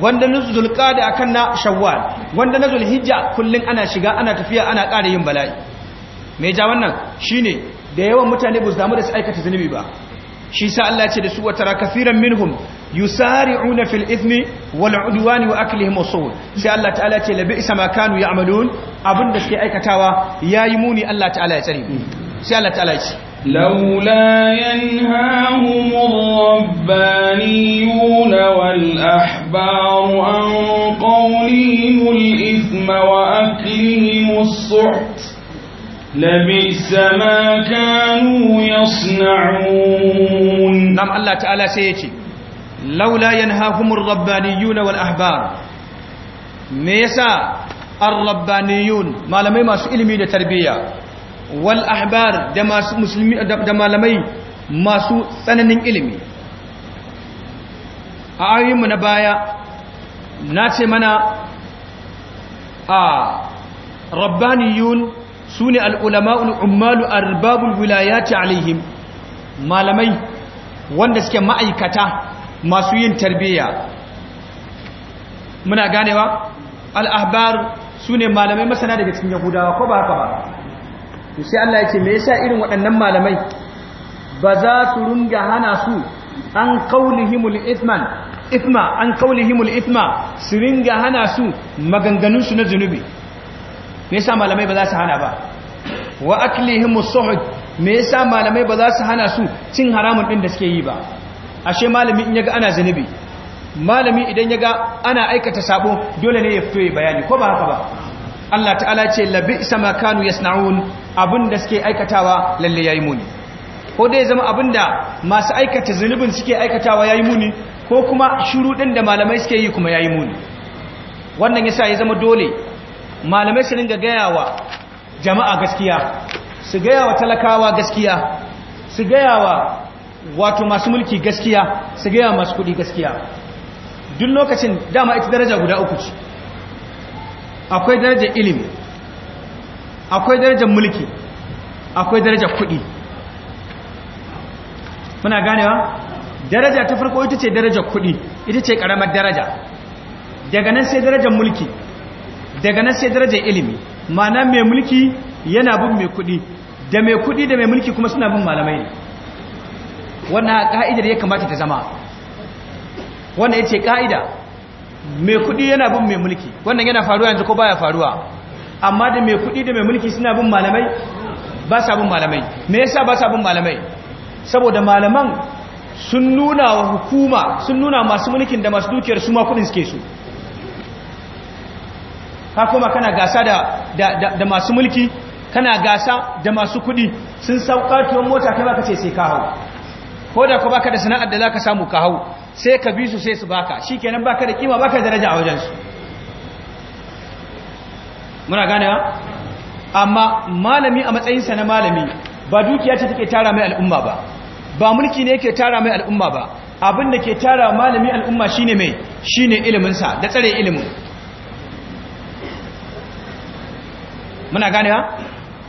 wanda na a akan na shawwal wanda na zulhijja kullum ana shiga ana tafiya ana ƙara yin bala'i me ja wannan shine da yawan mutane ba su damu da su aikata zunubi ba shi sa Allah ce da su wa tara kafiran minhum yusari'una fil ithmi wal udwani wa aklihim usul sai Allah ta'ala ce la bi'sa ma kanu ya'malun abinda suke aikatawa yayi muni Allah ta'ala ya tsare sai Allah ta'ala ya ce لولا ينهاهم الربانيون والأحبار عن قولهم الإثم وأكلهم السحت لبئس ما كانوا يصنعون نعم الله تعالى سيتي لولا ينهاهم الربانيون والأحبار ميسا الربانيون ما لم يمس إلمي لتربيه walahbar da masu musulmi da malamai masu tsananin ilimi a mu na baya na ce mana a rabbaniyun su ne al'ulama'ul ummalu arbabul wilayati alaihim malamai wanda suke ma'aikata masu yin tarbiyya muna ganewa al'ahbar su ne malamai masana daga cikin yahudawa ko ba haka ba to sai Allah ya ce me yasa irin waɗannan malamai ba za su runga hana su an qaulihimul ithman ithma an qaulihimul ithma su ringa hana su maganganun su na zunubi me yasa malamai ba za su hana ba wa aklihimus suhud me yasa malamai ba za su hana su cin haramun din da suke yi ba ashe malami in yaga ana zunubi malami idan yaga ana aikata sabo dole ne ya fito ya bayani ko ba haka ba Allah ta'ala ce labisa ma kanu yasna'un abin da suke aikatawa lalle ya yi muni ko dai zama abin da masu aikata zunubin suke aikatawa ya yi muni ko kuma shuruɗin da malamai suke yi kuma ya yi muni wannan ya sa ya zama dole malamai su ringa wa jama'a gaskiya su gaya wa talakawa gaskiya su gaya wa wato masu mulki gaskiya su gaya wa masu kuɗi gaskiya duk lokacin dama ita daraja guda uku ce akwai darajar ilimi akwai darajar mulki akwai darajar kuɗi muna ganewa daraja ta farko ita ce darajar kuɗi ita ce ƙaramar daraja daga nan sai darajar mulki daga nan sai darajar ilimi ma'ana mai mulki yana bin mai kuɗi da mai kuɗi da mai mulki kuma suna bin malamai ne wannan ka'idar ya kamata ta zama wannan ya ce ka'ida mai kuɗi yana bin mai mulki wannan yana faruwa yanzu ko baya faruwa amma da mai kuɗi da mai mulki suna bin malamai ba sa bin malamai me yasa ba sa bin malamai saboda malaman sun nuna wa hukuma sun nuna masu mulkin da masu dukiyar su ma kuɗin suke su ka kuma kana gasa da masu mulki kana gasa da masu kuɗi sun tuwon mota kai baka ce sai ka hau ko da ku baka da sana'ar da zaka samu ka hau sai ka bi su sai su baka shikenan baka da kima baka daraja a wajen su. muna ganewa amma malami a matsayinsa na malami ba dukiya ce take tara mai al'umma ba ba mulki ne yake tara mai al'umma ba abin da ke tara malami al'umma shine mai shine iliminsa da tsare ilimin muna ganewa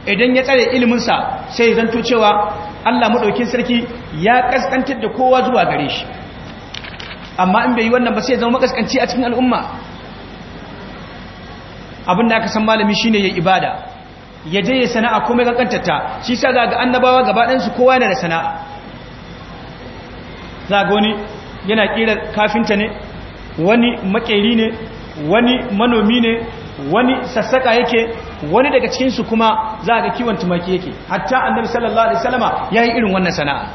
idan ya tsare iliminsa sai zanto cewa Allah maɗaukin sarki ya kaskantar da kowa zuwa gare shi amma in bai yi wannan ba sai zama makaskanci a cikin al'umma abin da aka san malami shine yayi ibada ya je ya sana'a komai ga kantata shi sa zaga annabawa gaba ɗansu kowa yana da sana'a zaga wani yana kira kafinta ne wani makeri ne wani manomi ne wani sassaka yake wani daga cikinsu kuma za ga kiwon tumaki yake hatta annabi sallallahu alaihi wasallama yayi irin wannan sana'a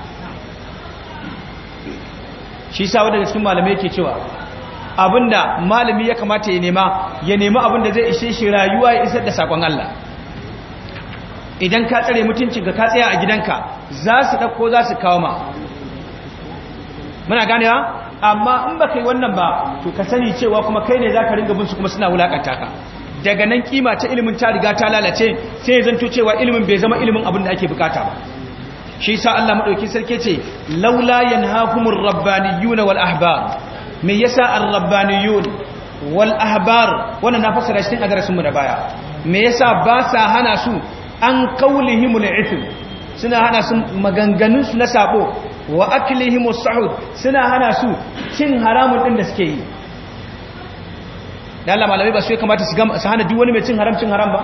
shi sa wanda daga cikin malamai yake cewa abinda malami ya kamata ya nema ya nemi abinda zai ishe shi rayuwa ya isar da sakon Allah idan ka tsare mutuncinka ka tsaya a gidanka za su ɗauko za su kawo ma muna ganewa amma in ba yi wannan ba to ka sani cewa kuma kai ne za ka ringa binsu kuma suna wulaƙanta ka daga nan kima ta ilimin ta riga ta lalace sai ya to cewa ilimin bai zama ilimin abin da ake bukata ba shi sa Allah madauki sarki ce laula yanhahumur rabbaniyuna wal ahbar me yasa ar-rabbaniyun wal ahbar wannan na fassara shi a darasin mu da baya me yasa ba sa hana su an qawlihimul ithm suna hana su maganganun su na sabo wa aklihimus sahud suna hana su cin haramun din da suke yi da Allah malami ba su kamata su gama, hana duk wani mai cin haram cin haram ba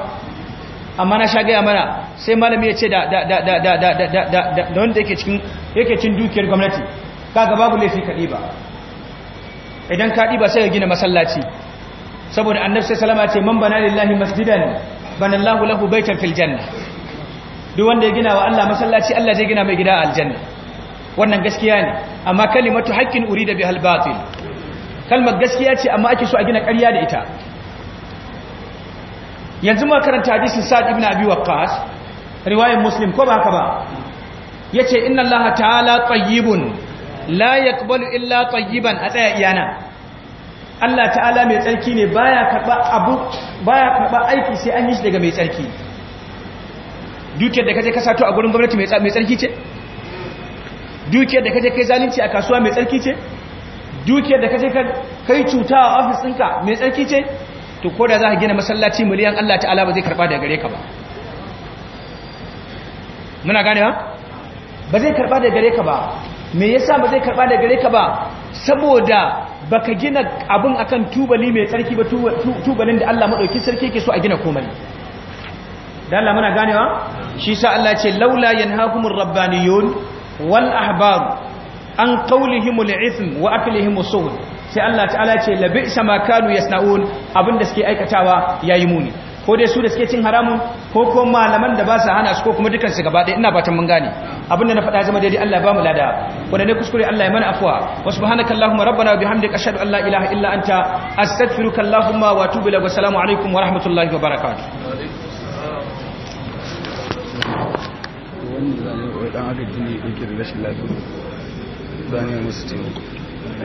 amma na sha gaya mana sai malami ya ce da wanda yake cin dukiyar gwamnati kaga babu laifi kaɗi ba idan kaɗi ba sai ka gina masallaci saboda annabi sai salama ce man bana lillahi masjidan bana Allahu lahu baitan fil janna duk wanda ya gina wa Allah masallaci Allah zai gina mai gida a aljanna wannan gaskiya ne amma kalimatu haqqin urida bihal batil kalmar gaskiya ce amma ake so a gina ƙarya da ita yanzu ma karanta hadisin Sa'd ibn Abi Waqqas riwayar Muslim ko ba haka ba yace inna Allah ta'ala tayyibun la yaqbalu illa tayyiban a tsaya iyana Allah ta'ala mai tsarki ne baya karba abu baya karba aiki sai an yi shi daga mai tsarki dukiyar da kaje ka sato a gurin gwamnati mai tsarki ce dukiyar da kaje kai zalunci a kasuwa mai tsarki ce dukiyar da kaje kai cuta a ofis ɗinka mai tsarki ce to ko da za ka gina masallaci miliyan Allah ta'ala ba zai karba daga gare ka ba muna ganewa ba zai karba daga gare ka ba me yasa ba zai karba da gare ka ba saboda baka gina abin akan tubali mai tsarki ba tubalin da Allah madauki sarki yake so a gina komai da Allah muna ganewa shi sa Allah ce laula yanhaakumur rabbaniyun wal ahbar an qawlihimul ithm wa aklihimus suhd sai Allah ta'ala ce labi'sa ma kanu yasnaun abinda suke aikatawa yayi muni ko dai su da suke cin haramun ko ko malaman da ba su hana su ko kuma dukan su gaba ina fatan mun gane abin da na faɗa zama daidai Allah ya bamu lada wanda ne kuskure Allah ya mana afwa wa subhanaka allahumma rabbana bihamdika ashhadu an la ilaha illa anta astaghfiruka allahumma wa atubu ilaik wa assalamu alaikum wa rahmatullahi wa barakatuh wani da